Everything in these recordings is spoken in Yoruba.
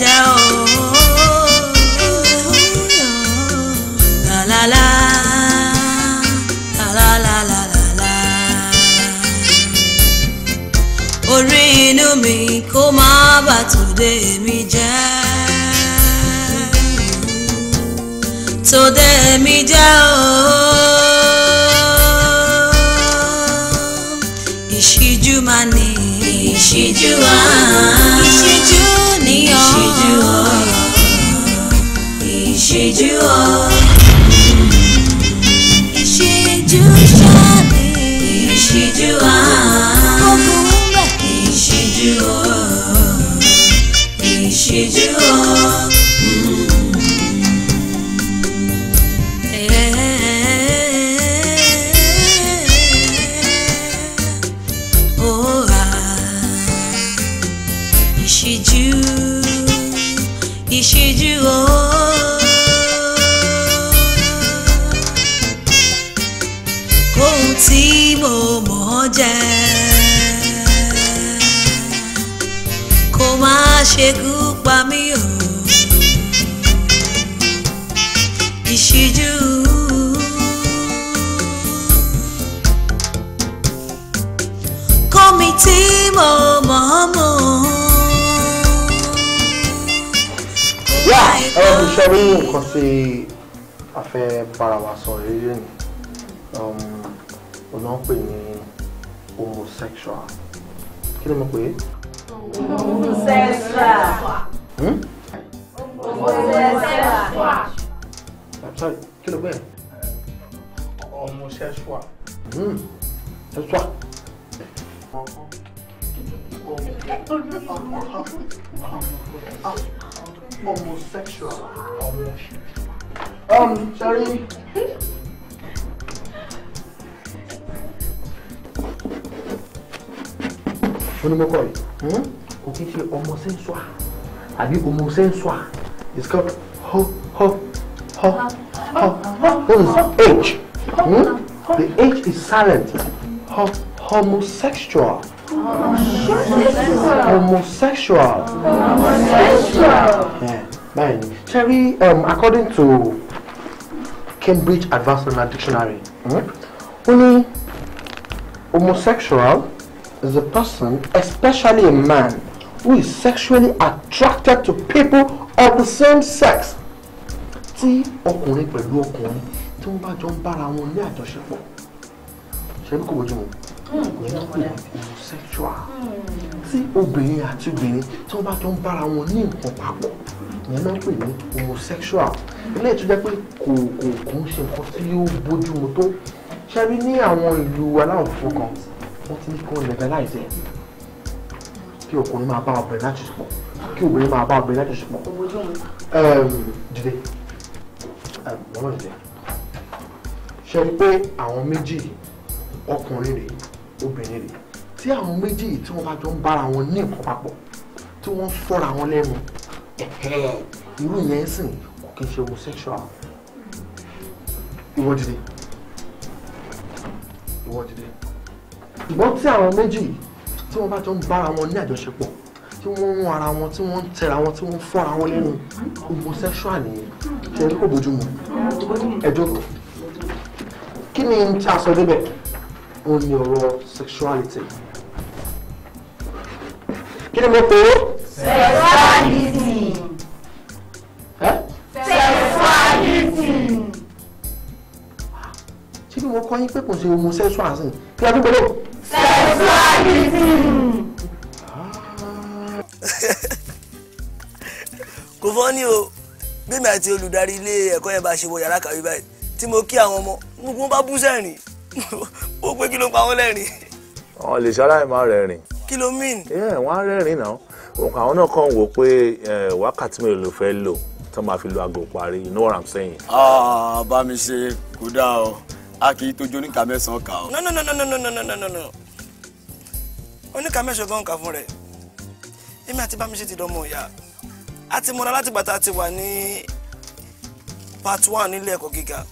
jẹjẹ o. Lálálá lálálálálá. Orí inú mi kó má bàtúndé mi jẹ́. Tòdé mi jẹ́ o. ẹ fi ṣẹ́rí nǹkan tí a fẹ́ bára wa sọ rí rí ni um, ọ̀nà ń pè homosexual kí ló mọ̀ pé. homosexual. homosexual. I'm sorry kí ló bẹ́ẹ̀. homosexual. Hmm, sexual. homosexual homosexual. Um, sorry. onímọ̀kọ́ yìí kò kí Okay, ṣe homosexual àbí homosexual it's called ho ho ho ho what is h hmm? the h is silent ho homosexual homosexual. homosexual. man. Eh, ni ṣe rí um, according to Cambridge Advanced Dictionary only hmm, ní homosexual is a person especially a man who is sexually attracted to people of the same sex tí homosexual tí obìnrin àti obìnrin tí wọ́n bá jọ ń bára wọn ní nǹkan papọ̀ ìyẹn máa ń pè ní homosexual ilé ìtújẹ́ pé kò kò kò ń ṣe nǹkan tí ó bójúmu tó ṣe rí ní àwọn ìlú aláwọ̀ funfun kan wọ́n ti ní kí wọ́n legalize ẹ̀ kí ọkùnrin máa bá obìnrin lájọṣepọ̀ kí obìnrin máa bá obìnrin lájọṣepọ̀ dìde wọ́n dìde ṣe rí pé àwọn méjì ọkùnrin rèé obìnrin rẹ̀ tí àwọn méjì tí wọ́n bá jọ ń bára wọn ní nǹkan papọ̀ tí wọ́n fọ́ra wọn lẹ́nu irú yẹn sìn kò kí n ṣe homosexual ìwọ dìde ìwọ dìde ìgbọ́n tí àwọn méjì tí wọ́n bá jọ ń bára wọn ní àjọṣepọ̀ tí wọ́n ń ara wọn tí wọ́n ń tẹ̀ra wọn tí wọ́n ń fọ́ra wọn lẹ́nu homosexual nìyẹn ṣe é kó bójú mu ẹjọ́ kí ni n ta sọ débẹ̀. On your raw sexuality. kí mo pè sexuality. Huh? sexuality. ṣé mo kọ́ yín pé si ṣe sexuality. kí a tún sexuality. kò fọ́ ni o bí mi àti olùdarí ilé ẹ̀kọ́ yẹn bá ṣe wọ kia kàwé báyìí tí mo kí àwọn ọmọ mo ó pé kí ló pa wọ́n lẹ́rìn. wọn lè ṣaláì máa rẹ́rìn. kí ló mean. ẹ wọn á rẹ́rìn náà òǹkà àwọn náà kàn wò pé wákàtí mélòó ló fẹ́ lò tó máa fi lo aago parí you know what i'm saying. Ah, bá mi ṣe kò dáa o a kì í tójú oníkà mẹ́sàn-án kà o. no no no no no no no no no oníkà mẹ́sàn-án gan kà fún rẹ̀ èmi àti bá mi ṣe ti dánmọ̀ ìyá a ti múra láti gbà tá a ti wà ní part one nílé ẹ̀kọ́ gíga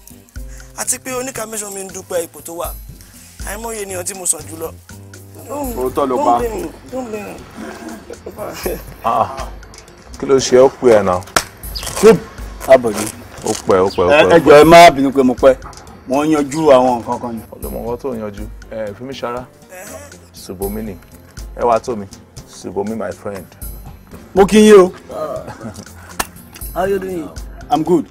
àti pé oníkà mẹ́sàn mi ń dúpẹ́ ipò tó wà àìmọye ènìyàn tí mo sàn jùlọ. o tọ́ ló pa. Ah, kí ló ṣe ó pè ẹ̀ náà. abọ̀jú. ó pẹ́ ó pẹ́ ó pẹ́. ẹ jọ̀ọ́ ẹ má bínú pé mo pẹ́ mo ń yanjú àwọn nǹkan kan ni. ọ̀dọ̀mọ̀kọ́ tó yanjú ẹ fi mí ṣara ṣùgbọ́n mi nì ẹ wá tó mi ṣùgbọ́n mi my friend. mo kí yín o. Ah. how you doing i'm good.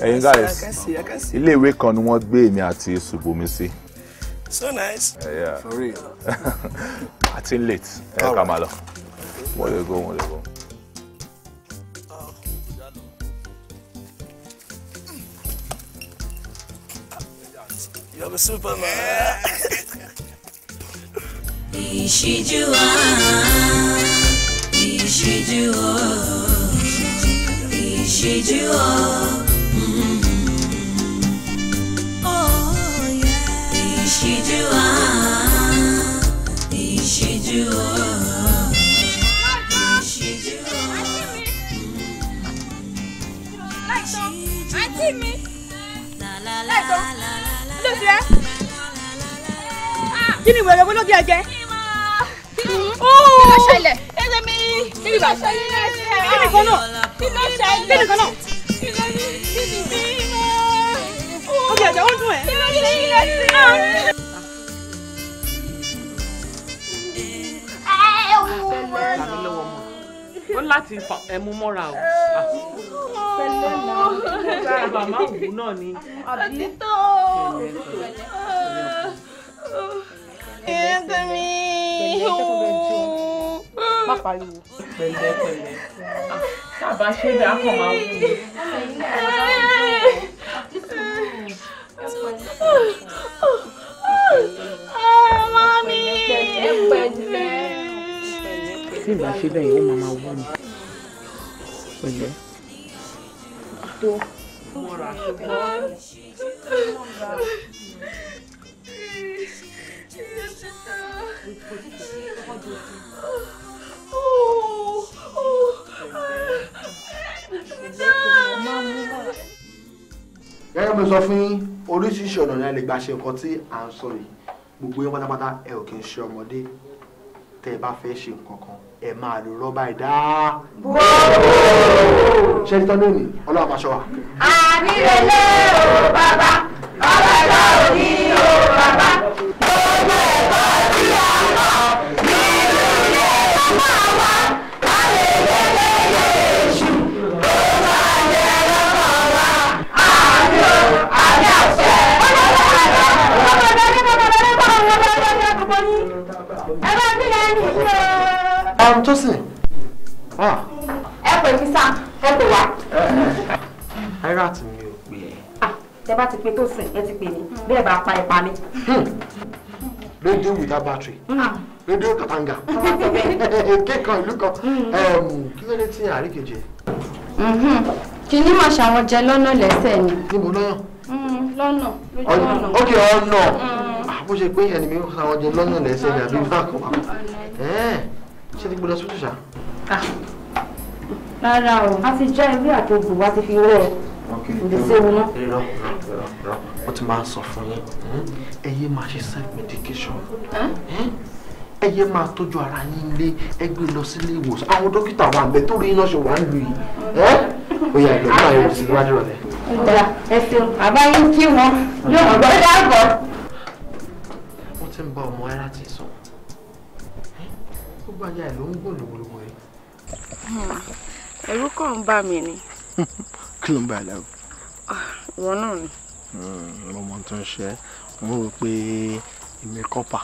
ẹyin guys ilé ìwé kan ni wọ́n gbé èmi àti Ṣùbọ́mi sí. so nice. Uh, yeah. for real. a ti late ẹ ká máa lọ wọ́n lè go wọ́n lè go. You're the Superman. ìṣíjú wa ìṣíjú wa ìṣíjú ọ. Mm-hmm. Oh, ìṣíjú ọ. ìṣíjú ọ. ìṣíjú ọ. láìsọ mm-hmm. àǹtí mi láìsọ ló ti rẹ. kí ni ìwé rẹ̀ wọ́n ló gé ẹ jẹ. kí ló ṣẹlẹ̀ ẹsẹ̀ mi. kí ni kan náà kí ló ṣẹlẹ̀ kí ni kan náà. kí ló ní kí ni bí mo. ó ti ẹ̀jẹ̀ ó dùn ẹ̀. wọ́n láti ẹmu mọ́ra o. pẹ̀lẹ́ náà bàbá òwú náà ni. àbí tó ẹ̀ẹ́dẹ̀mí má pariwo. pẹ̀lẹ́ pẹ̀lẹ́ ah, tábà ṣe dà kàn máa wù mí. mami. tí ìgbà ṣe bẹ́ẹ̀ yóò máa máa wù mí pẹ̀lẹ́. Oh, gẹ́gẹ́ bí mo sọ fún yín oríṣiríṣi ọ̀nà ni a lè gbà ṣe nǹkan tí à ń sọ yìí gbogbo yín pátápátá ẹ ò kì í ṣe ọmọdé tẹ́ ẹ bá fẹ́ ṣe nǹkan kan ẹ máa lo rọ́bà ìdá. ṣé ti tán lónìí ọlọ́run máa ṣọ́ wa. ànílẹ̀ lé o bàbá bàbá ìdá òní. ọ̀run tó sìn. Ah. ẹ pè mí sá ẹ pè wá. náírà tí mi ò pè ẹ́. Ah, tẹ bá ti pe tó sìn ẹ ti pè mí bẹ́ẹ̀ bá pa ipa mi. Hmm. rédíò without battery hmm. rédíò kàtàǹgà kéèkan ìlú kan hmm. kí ló dé tí àríkèjì ẹ. Mhm. kìnìún máa ṣàwọn jẹ lọ́nà lẹ́sẹ̀ ni. níbo lọ́nà. lọ́nà lójú ọ̀nà. ókè ọ̀nà ah, bó ṣe pé ẹni mi ń ṣàwọn jẹ lọ́nà lẹ́sẹ̀ ni àbí bákan wà ṣé ti gbọ́dọ̀ sọ́tù ṣá. Ah. rárá o a ti já ewé àti egbò wa ti fi wẹ̀ ìdèsè wọn náà. irọ́ irọ́ irọ́ ó ti máa sọ fún yín ẹ yé máa ṣe self medication ẹ yé máa tọ́jú ara yín lé ẹ gbé lọ sílé ìwòsàn àwọn dókítà wà ń bẹ tó rí iná ṣe wà ń lu yìí ó yà ìgbẹ́ náà yóò sì wájú rẹ̀. ọ̀dà ẹ ṣeun àbáyé kí wọn yóò gbọ́ dáàbọ̀. wọ́n ti ń bá ọmọ ẹ láti sọ gbàjà ẹ̀ ló ń gùn lówólówó ẹ̀. Hmm. ẹ̀rù kàn ń bà mí ni. kí ló ń bà á lẹ́rù. Ah, ìwọ náà ni. Hmm, ọmọ tó ń ṣe mo rò pé èmi kọ́pà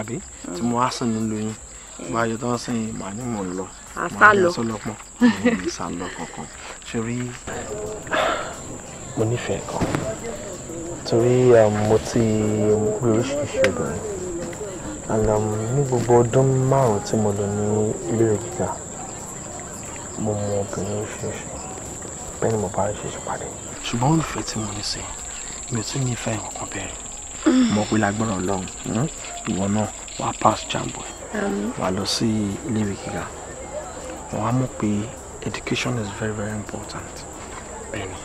àbí hmm. tí mo wá sínú lóyún báyọ̀ tó ń sìn màá ní mò ń lọ màá ní sọlọpọ̀ mo ní sálọ kankan sórí mo nífẹ̀ẹ́ kan torí um, mo ti rí oríṣiríṣi obìnrin. Um, ní gbogbo ọdún márùn-ún tí mo lò ní ilé gíga mo mọ obìnrin oṣooṣù bẹ́ẹ̀ ni mo bá ṣèṣe pàdé. ṣùgbọ́n olùfẹ́ tí mo ní sí mi ò tún ní ìfẹ́ ìwọ̀n bẹ́ẹ̀ mo pé lágbára ọlọ́run hmm, ìwọ náà wà á pass jambo wà á lọ sí ilé ìwé gíga wọn á mọ̀ pé education is very very important bẹ́ẹ̀ ni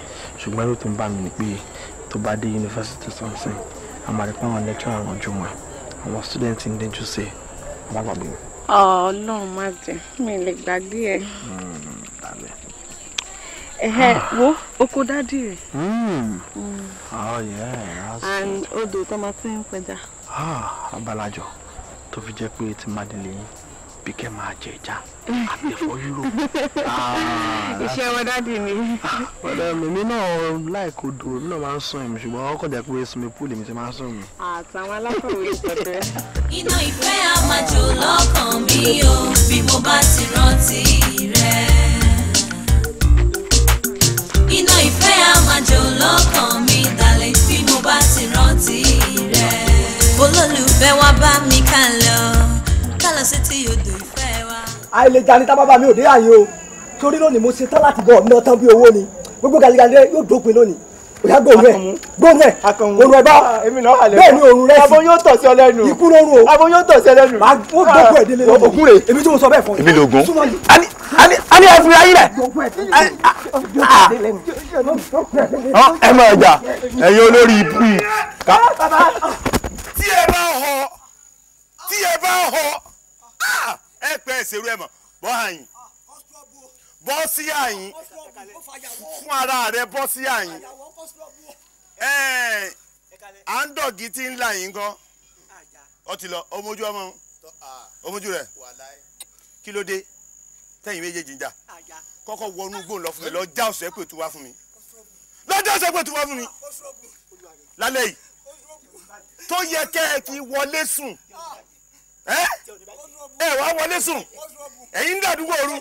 ṣùgbọ́n ẹrú tó ń bá mi ni pé tó bá dé yunifásitì sọ̀nsìn àmàlẹ́pẹ́ àwọn lẹ́kṣọ̀ àwọn ọjọ́ wọn àwọn student ń dẹ́jú sí i oh, má gbàgbé. ọlọ́run má jẹ́ mi lè gbàgbé ẹ. Hmm, ẹ̀hẹ́ wo oko dádì rẹ̀. Hmm. Hmm. Oh, and odò tó máa ti ń pẹja. Ah, abalajọ tó fi jẹ́ pé ti má délé yín bí kẹ́ máa jẹ ìjà àtẹ̀fọ́ Europe. iṣẹ́ wọn dáàdì ni. Ah, ọ̀dọ̀ mi náà láìkó odò mi náà máa ń sún ẹ̀mí ṣùgbọ́n ọkọ̀ jà pé sinmi pool mi ti máa ń sún mi. àtàwọn alákọ̀wé pẹ̀pẹ́. iná ìfẹ́ a máa jò lọ́kàn mi o bí mo bá ti rántí rẹ̀. iná ìfẹ́ a máa jò lọ́kàn mi dalẹ̀ bí mo bá ti rántí rẹ̀. olólùfẹ́ wa bá mi kalẹ̀ odò ìfẹ́ wa. àìlèjà ni tábàbà mi ò dé àyè o torí lónìí mo ṣe tán láti bọ̀ ọ̀nà tán bí owó ni gbogbo gàdégàdé yóò dópin lónìí òyà gbóòórùn ẹ gbóòórùn ẹ òórùn ẹ bá ah, bẹ́ẹ̀ ni òórùn rẹ sí abo yóò tọ̀ sí ọlẹ́nu ikú lóru o abo yóò tọ̀ sí ọlẹ́nu máa ah, ó dókun ẹ̀ délé lọ́wọ́ ògùn rè èmi tí mo sọ bẹ́ẹ̀ fún ẹ èmi lògùn ani ani ani ẹ fúnra yín rẹ ẹ máa jà ẹ̀yin olórí ibú tí ẹ bá họ tí ẹ bá họ. Ah, ẹ pẹ́ ìṣerú ẹ̀ mọ̀ bọ́ àyìn bọ́ sí àyìn fún ara rẹ bọ́ sí àyìn à ń dọ̀gí tí ń là yín gan ọ ti lọ ọmọjú ọmọ ọmọjú rẹ kí ló dé tẹ̀yìn méjèèjì ń jà kọ́kọ́ wọnú gbòòn lọ fún mi lọ já ọ̀sẹ̀ pé tu wá fún mi lọ já ọ̀sẹ̀ pé tu wá fún mi lálẹ́ yìí tó yẹ kẹ́ ẹ kí wọlé sùn ẹ ẹ wàá wọlé sùn ẹ̀yin ń dàdúgbò ooru.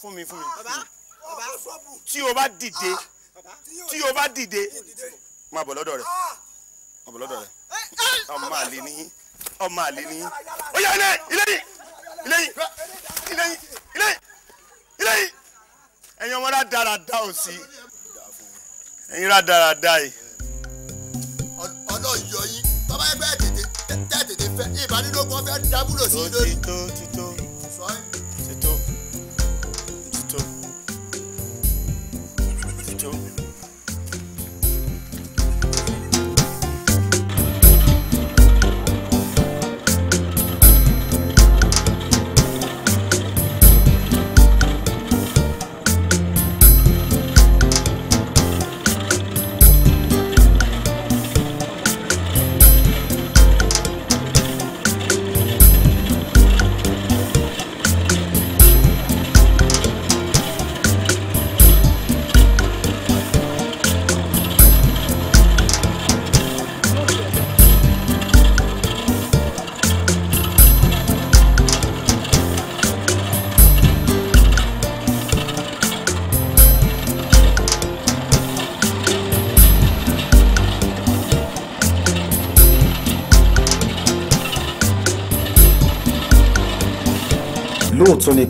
fún mi fún mi tí o bá dìde tí o bá dìde máa bọ̀ lọ́dọ̀ rẹ̀ máa bọ̀ lọ́dọ̀ rẹ̀ ọmọ àlè ní ọmọ àlè ní. ó yá ilé ilé yìí ilé yìí ilé yìí ilé yìí ilé yìí ẹ̀yin ọmọ rà dáradá ò sí ẹ̀yin rà dáradá yìí. fẹ́ ìbánidọ́gbọ̀n fẹ́ dábúlò sí i lórí.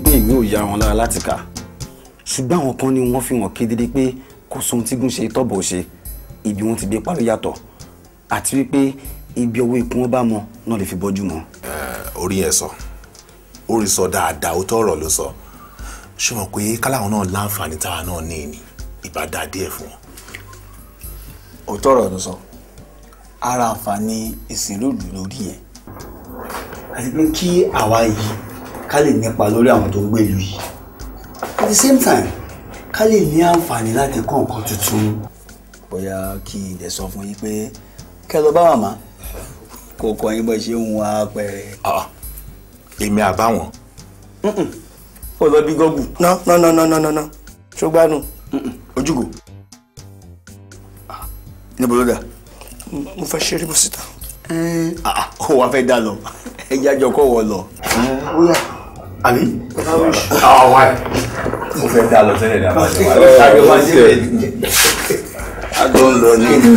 pé ìwé ò yá wọn lára láti kà ṣùgbọ́n àwọn kan ni wọ́n fi hàn kedere pé kò sóhun tí gún ṣe tọ́bọ̀ ṣe ibi wọn ti gbé parí yàtọ̀ àti wípé ibi ọwọ́ ikú wọn bá mọ náà lè fi bọ́jú mọ́. orí ẹ sọ orí sọ dáadáa ó tọrọ ló sọ ṣé wọn pé káláwọn náà láǹfààní táwa náà ní ìní ìbádá díẹ̀ fún wọn. òótọ́ ọ̀rọ̀ ló sọ ara àǹfààní ìsìnlódù lórí yẹn àti pé kí àwa yìí ká lè nípa lórí àwọn tó ń gbé ìlú yìí at the same time ká lè ní àǹfààní láti kọ́ nǹkan tuntun. bóyá kí n dẹ̀ sọ fún yín pé kẹ́ lọ bá màmá kò kọ́ yín bó ṣe ń wá pẹ́rẹ́. èmi àbáwọn. ó lọ bí gọ́gù. ná ná ná ná ná ná ṣùgbọ́n ojúgo níbo ló dà. mo fẹ́ ṣeré bó síta. ó wàá fẹ́ dà lọ ẹ jájọ kọ́ wọ lọ. ó yà. Ali. àwọn ah, wa mo fẹ́ dá lọ sẹ́lẹ̀ dá máa jẹ wá àbí wá jẹ bẹ́ẹ̀ a jọ ń lọ ní. ìrírí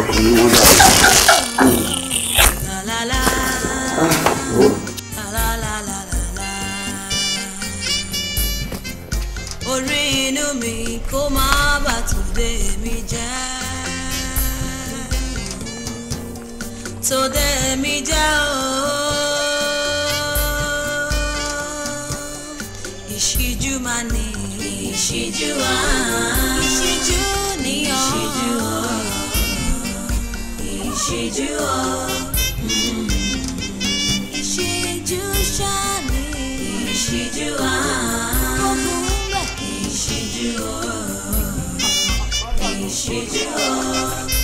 ọkùnrin wọn dà. mi kó So dẹ̀ mí já o. ìṣíjú máa ní ìṣíjú wá ìṣíjú níyàn ìṣíjú o ìṣíjú o mm. ìṣíjú ṣáà ní ìṣíjú wá ìṣíjú o ìṣíjú o.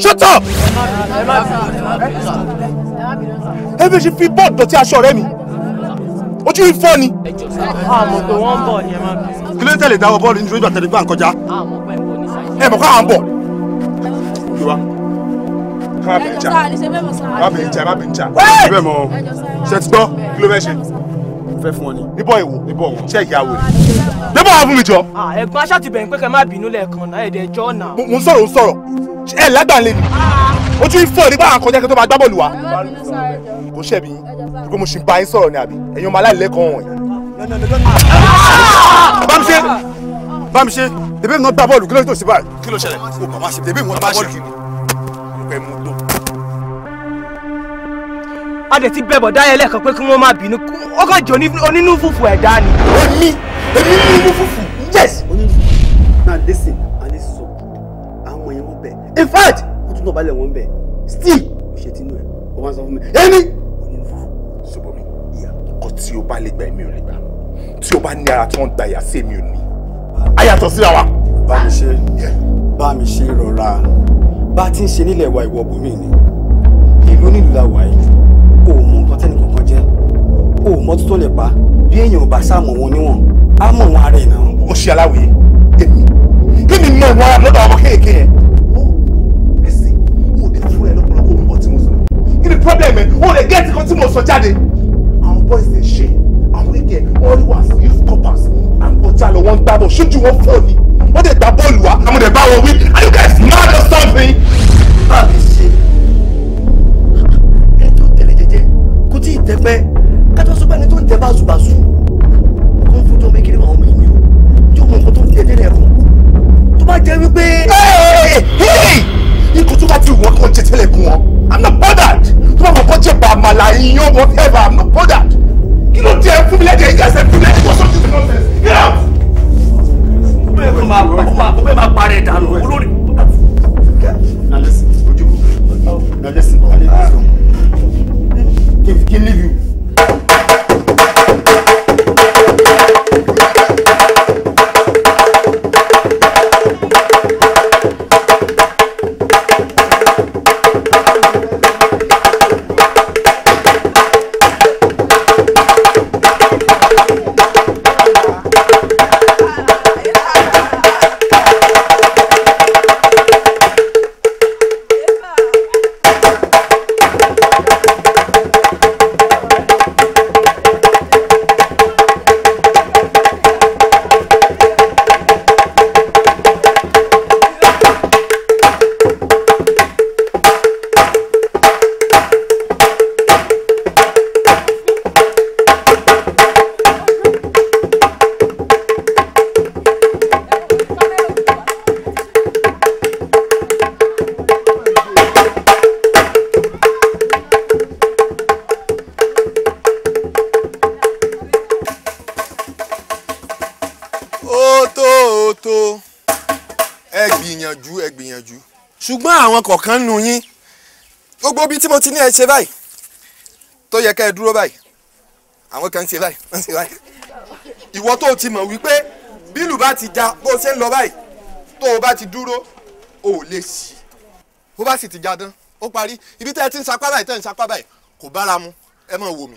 Shut up! ẹ bí ṣe fi bọ́ọ̀dù dọ̀tí aṣọ rẹ mi ojú ìfọ́ ni. àmọ́ pé wọ́n ń bọ̀ ni ẹ máa bí. kí ló ń tẹ̀lé dáwọ́ bọ́ọ̀lù ní ìdúrójú àtẹ̀lé gbà ń kọjá. ẹ mọ̀ káwọn bọ̀. yorùbá káwọn bẹ̀ ń jà káwọn bẹ̀ ń jà káwọn bẹ̀ ń jà bẹ́ẹ̀ mọ̀ ṣe ti gbọ́ kí ló fẹ́ ṣe. fẹ́ fún ọ ni. níbọ̀ ìwò níbọ̀ wọn ṣe ìyá wò níbọ̀ wà fún mi jọ. ẹ̀gbọ́n aṣá ti bẹ̀rẹ̀ pé kẹ́ má bínú lẹ́ẹ̀kan náà ẹ̀dẹ̀ ẹjọ́ náà. mo ń sọ̀rọ̀ ń sọ̀rọ̀ ẹ̀ lágbàá lé ah! ni ojú ìfọ̀ nígbà àkọjá kí tó máa gbá bọ́ọ̀lù wa kò ṣẹ̀bi ṣùgbọ́n mo ṣì ń bá yín sọ̀rọ̀ ni àbí ẹ̀yin ọmọ aláìlẹ́kọ̀ọ́ wọ̀nyí. bámṣe bámṣe tèmi náà gbá bọ́ọ̀lù kí ló ń tò sí báyìí. kí ló ṣẹlẹ̀ o bàbá ṣe tèmi náà gbá bọ́ọ̀lù kí ló ń a dẹ̀ ti bẹ bọ̀dá lẹ́ẹ̀kan pé kí wọ́n má bínú ó onínú fùfù ẹ̀dá ni. èmi èmi ní inú fùfù yes onínú fùfù náà listen and it's so good àwọn yẹn wọ́n bẹ̀ in fact wọ́n tún náà balẹ̀ wọ́n bẹ̀ still kò ṣe tinú ẹ̀ wọ́n sọ fún mi èmi tí o bá lè gbà èmi ò lè gbà tí o bá ní ara tí wọ́n ń da ìyá sí èmi ò ní. ayàtọ̀ síra wa. bá mi ṣe bá mi ṣe rọra bá ti ń ṣe nílẹ̀ wa ìwọ bùnmí ni ìlú nílùú la wà yìí o mọ nǹkan tẹ́nì kankan jẹ́ o ò mọ́tò lè pa bí èèyàn ò bá sáàmọ̀ wọn níwọ̀n á mọ̀ wọn ara ẹ̀ náà. ṣe aláwìyé èmi kí ni mo wọn lọ́dọ̀ ọmọ kéèké yẹn. ẹsẹ̀ mo lè fún ẹ lọ́pọ̀lọpọ̀ orúkọ tí mo sọ kí ni pọ́blẹ́mù o lè gẹ́ẹ̀tì kan tí mo sọ jáde àwọn boys dey ṣe àwọn ike wọn rí wá sí youth corpers and ọjà lọ wọn gbá bọ ṣojú wọn fọ ni wọn dẹ gbá bọ́ọ̀lù wa àwọn dẹ bá wọn wí are you guys mad or something. bá mi ṣe ẹni tó ń tẹ̀lé jẹjẹ kò tí ì tẹpẹ kájọ sọgbà ẹni tó ń tẹ báṣubàṣu kò ń fún tó ń bẹ kiri àwọn ọmọ ènìyàn yóò mọ nǹkan tó ń tẹ délẹ̀ fún tó bá jẹ́ wípé ikú tó bá ju wọn kàn jẹ tẹ́lẹ̀ kún wọn i'm not bothered tó bá wọn kọ́ jẹ bàmàlà iyán whatever i'm not bothered kí ló dé fún mi lẹ́dẹ̀ẹ́ yíyá sẹ́fún mi lẹ́dẹ̀ẹ́ wọ́n sọ́jú fún mi get out. ó bẹ́ẹ̀ máa parẹ́ dànù olórí. na lesson ojú na lesson na lesson kí n leave you. tó ẹ gbìyànjú ẹ gbìyànjú ṣùgbọ́n àwọn kọ̀ọ̀kan nu yín gbogbo bíi tí mo ti ní ẹ ṣe báyìí tó yẹ ká ẹ dúró báyìí àwọn kan ṣe báyìí ń ṣe báyìí ìwọ tó ti mọ̀ wípé bílù bá ti já bó ṣe ń lọ báyìí tó o bá ti dúró o ò lè sí bó bá sì ti já dán ó parí ibi tẹ́ ẹ ti ń sapá báyìí tẹ́ ẹ ń sapá báyìí kò bára mu ẹ máa wò mí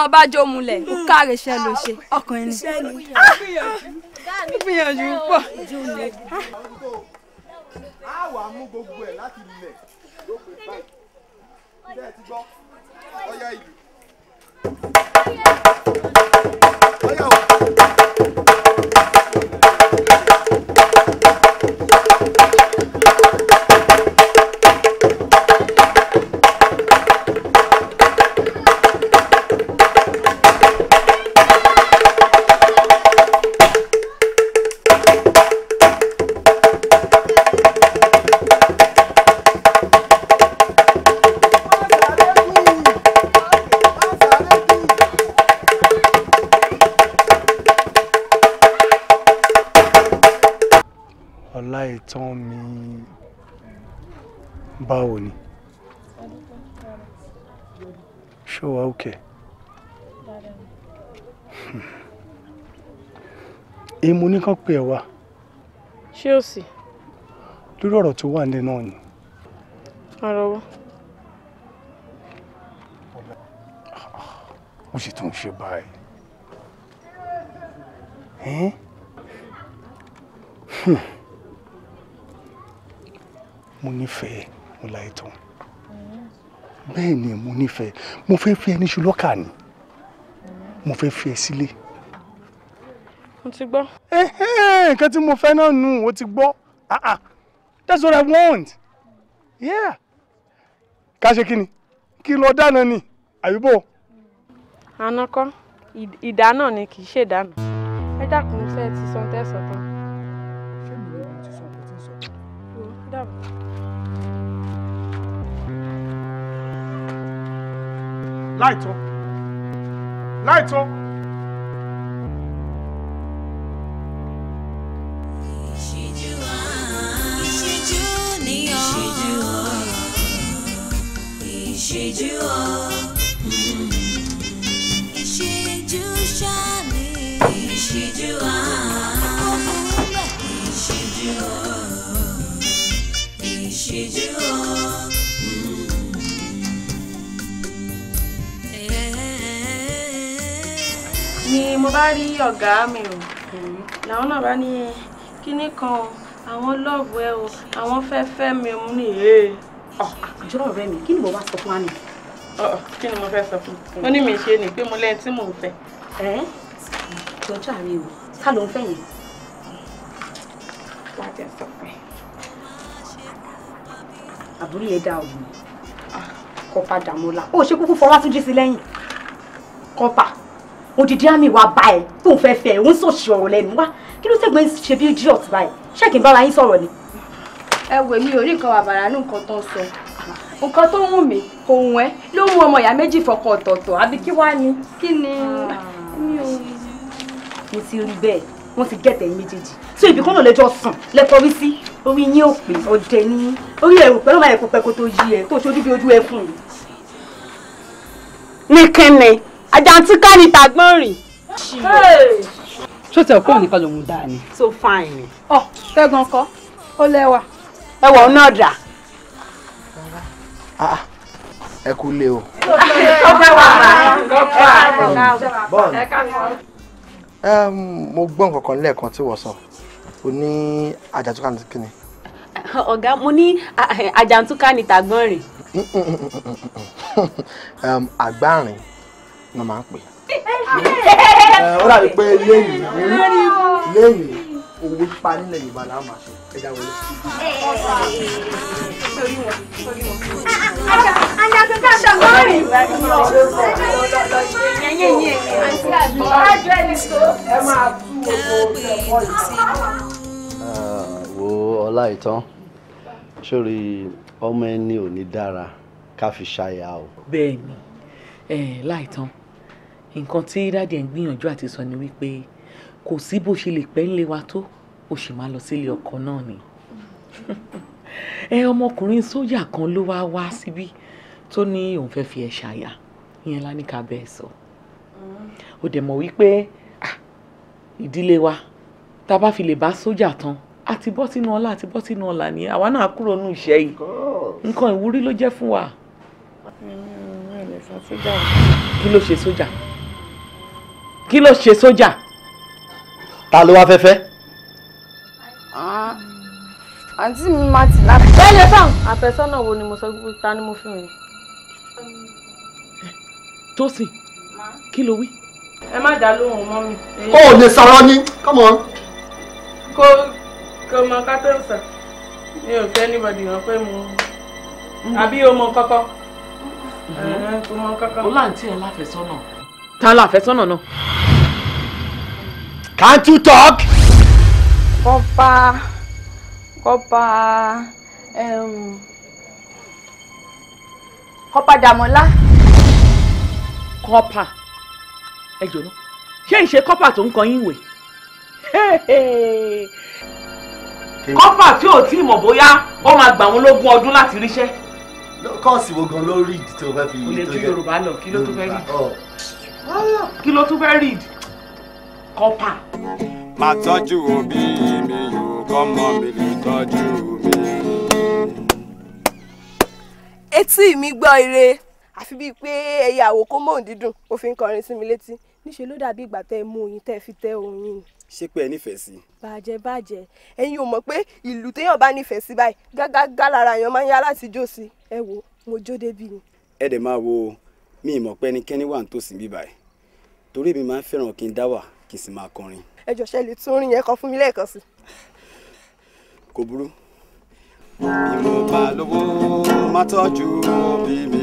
ọmọ bá jó mulẹ̀ ó káre iṣẹ́ ló ṣe ọkùnrin ni gbìyànjú pọ̀. Ah! a wà mú gbogbo ẹ̀ láti ilẹ̀ lópin báyìí bẹ́ẹ̀ ti gbọ́. ó wà òkè. èmo ní kán pè ẹ wá. ṣé o sì. lórí ọ̀rọ̀ tó wà nílẹ̀ náà ni. ọ̀rọ̀ wo. sì tún ṣe báyìí. mo nífẹ̀ẹ́ mo láì tán bẹ́ẹ̀ ni mo nífẹ̀ẹ́ mo fẹ́ fi ẹni ṣu lọ́kà ni mo fẹ́ fi ẹ sílé. mo ti gbọ́. nǹkan tí mo fẹ́ náà nù ó ti gbọ́ ah, ah. that's what I want yeah ká ṣe kí ni kí lọ dáná ni àyùbọ. àná kọ́ ìdáná ni kì í ṣèdáná ẹ dákun ṣe ti sọ tẹ́sán tán. ṣé mi ò ti sọ bó ti Light up. Light up. Ìṣíjú o, ìṣíjú ṣáà ni ìṣíjú o, ìṣíjú mo bá rí ọ̀gá mi o làwọn náà bá ní kinní kan o àwọn lọ́ọ̀bù ẹ o àwọn fẹ́ fẹ́ mi o mo ní ee. Ah, àjọ ọ̀rẹ́ mi kí ni mo wá sọ fún wa nì. kí ni mo fẹ́ sọ fún un ó ní mi ṣe ni pé mo lẹ́yìn tí mò ń fẹ́. ẹ jọjọ o ta ló ń fẹ́ yẹn. wá jẹ sọ pé. àbúrò yẹn dá òun ah, kọpa dàmọ́lá ó ṣe kúkú fọwọ́ tún jí sí lẹ́yìn kọpa odidi àmì wa bá ẹ tó ń fẹ́ fẹ́ ẹ ń sòṣì ọ̀rọ̀ lẹ́nu wá kí ló ṣègbè ṣe bí idiot báyìí ṣé kí n bára yín sọ̀rọ̀ ni. ẹ wò mí ò rí nǹkan bàbàrà ní nǹkan tó ń sọ nǹkan tó wù mí kò wù ẹ ló wù ọmọ ìyá méjì fọkàn ọ̀tọ̀ọ̀tọ̀ àbí kí wàá ní kí ni. mo ti rí bẹ́ẹ̀ wọ́n ti gẹ̀tẹ̀ méjèèjì tí ibì kan náà lẹ́jọ́ sùn lẹ́kọ̀ọ́rí sí orí yín ò pé ọ̀dẹ ní orí ẹ̀rù pẹ̀lú máa ẹ̀kọ́ pẹ̀kọ́ tó yí ẹ̀ tó ṣojú bí ojú ẹ̀ fún un. ní kíni àjàǹtíká ni tàgbọ́n rìn. ṣó tẹ ọkọ nìkan lòún dáa ni. so fine. ọ tẹ́gàn kọ́ ó lẹ́wà. ẹwà ọ náà dà. Ah, ah, ẹ kú lé o. mo gbọ́ nǹkan kan lẹ́ẹ̀kan tí wọ́n sọ o ní àjàǹtíká ni kíni. ọ̀gá mo ní àjàǹtíká ni tàgbọ́n mm, mm, mm, rìn. àgbáàrin wọ́n máa ń pè é ó dàbí pé lẹ́yìn owó pa nílẹ̀ Yorùbá là máa ṣe ẹ máa tú Wo ọlá ìtàn sórí ọmọ ẹni ò ní dára ká fi ṣàyà o. Bẹ́ẹ̀ni láìtàn nǹkan tí dáàdì ẹ̀ ń gbìyànjú àti sọ ni wípé kò sí bó ṣe lè pẹ́ ńlé wa tó ó sì máa lọ sílé ọkọ náà ni ẹ ọmọkùnrin sójà kan ló wá wá síbí tó ní òun fẹ́ fi ẹ̀ ṣàyà ìyẹn lá bẹ́ẹ̀ sọ ó dẹ̀ mọ̀ wípé ìdílé wa tá a bá fi lè bá sójà tán a bọ́ sínú ọlá a bọ́ sínú ọlá ni àwa náà kúrò nù iṣẹ́ yìí nǹkan ìwúrí ló jẹ́ fún wa. Mm, kí ló ṣe sójà kí ló ṣe sójà. ta ló wá fẹ́fẹ́. àǹtí mi máa ti láti. bẹ́ẹ̀ lè tán àfẹ́sọ́nà wo ni mo sọ pé ta ni mo fi rìn. Tósìn kí ló wí. ẹ má dá lóhùn mọ́ mi. ó ò lè sara ní come on. kó kó mọ kátẹ́ǹsà mi ò fẹ́ anybody mọ̀ pé mo mm-hmm. àbí o mọ kọ́kọ́. o mm-hmm. láǹtí ẹ láfẹ́sọ́nà ta la àfẹ́sọ́nà náà. can't you talk. kọ́pá kọ́pá kọ́pá dàmọ́lá. kọ́pá ẹ jọ̀nà ṣé ń ṣe kọ́pà tó ń kọ yín wè. kọ́pà tí ò tí ì mọ̀ bóyá ó máa gbà wọn lógún ọdún láti ríṣẹ́. kọ́ọ̀sì wo gan ló rí ìdí tó fẹ́ fi. o lè ju yorùbá lọ kí ló tó fẹ́ rí. Oh. Ah, kí ló tún fẹ́ read kọ́pà. máa tọ́jú òbí mi yóò kọ́mọ mi lè tọ́jú mi. etí mi gbọ́ ire àfi bíi pé ẹyẹ àwòkó mòún dídùn ó fi ń kọrin sí mi létí níṣẹ́ ló dàbí ìgbà tẹ́ ẹ mú oyin tẹ́ ẹ fi tẹ́ oyin ni. ṣé pé ẹ nífẹ̀ẹ́ sí. bàjẹ́ bàjẹ́ ẹ̀yin ò mọ̀ pé ìlú téèyàn bá nífẹ̀ẹ́ sí báyìí gágágá lára èèyàn máa ń yá láti jó sí ẹ wo mo jó débi ni. ẹ dẹ̀ máa wo mi ì mọ̀ pé ẹnikẹ́ni wà nítòsí bí báyìí torí mi máa ń fẹ́ràn kí n dá wà kí n sì máa kọrin. ẹ jọ ṣe lè tún orin yẹn kan fún mi lẹ́ẹ̀kan sí. kò burú. bí mo bá lówó má tọ́jú òbí mi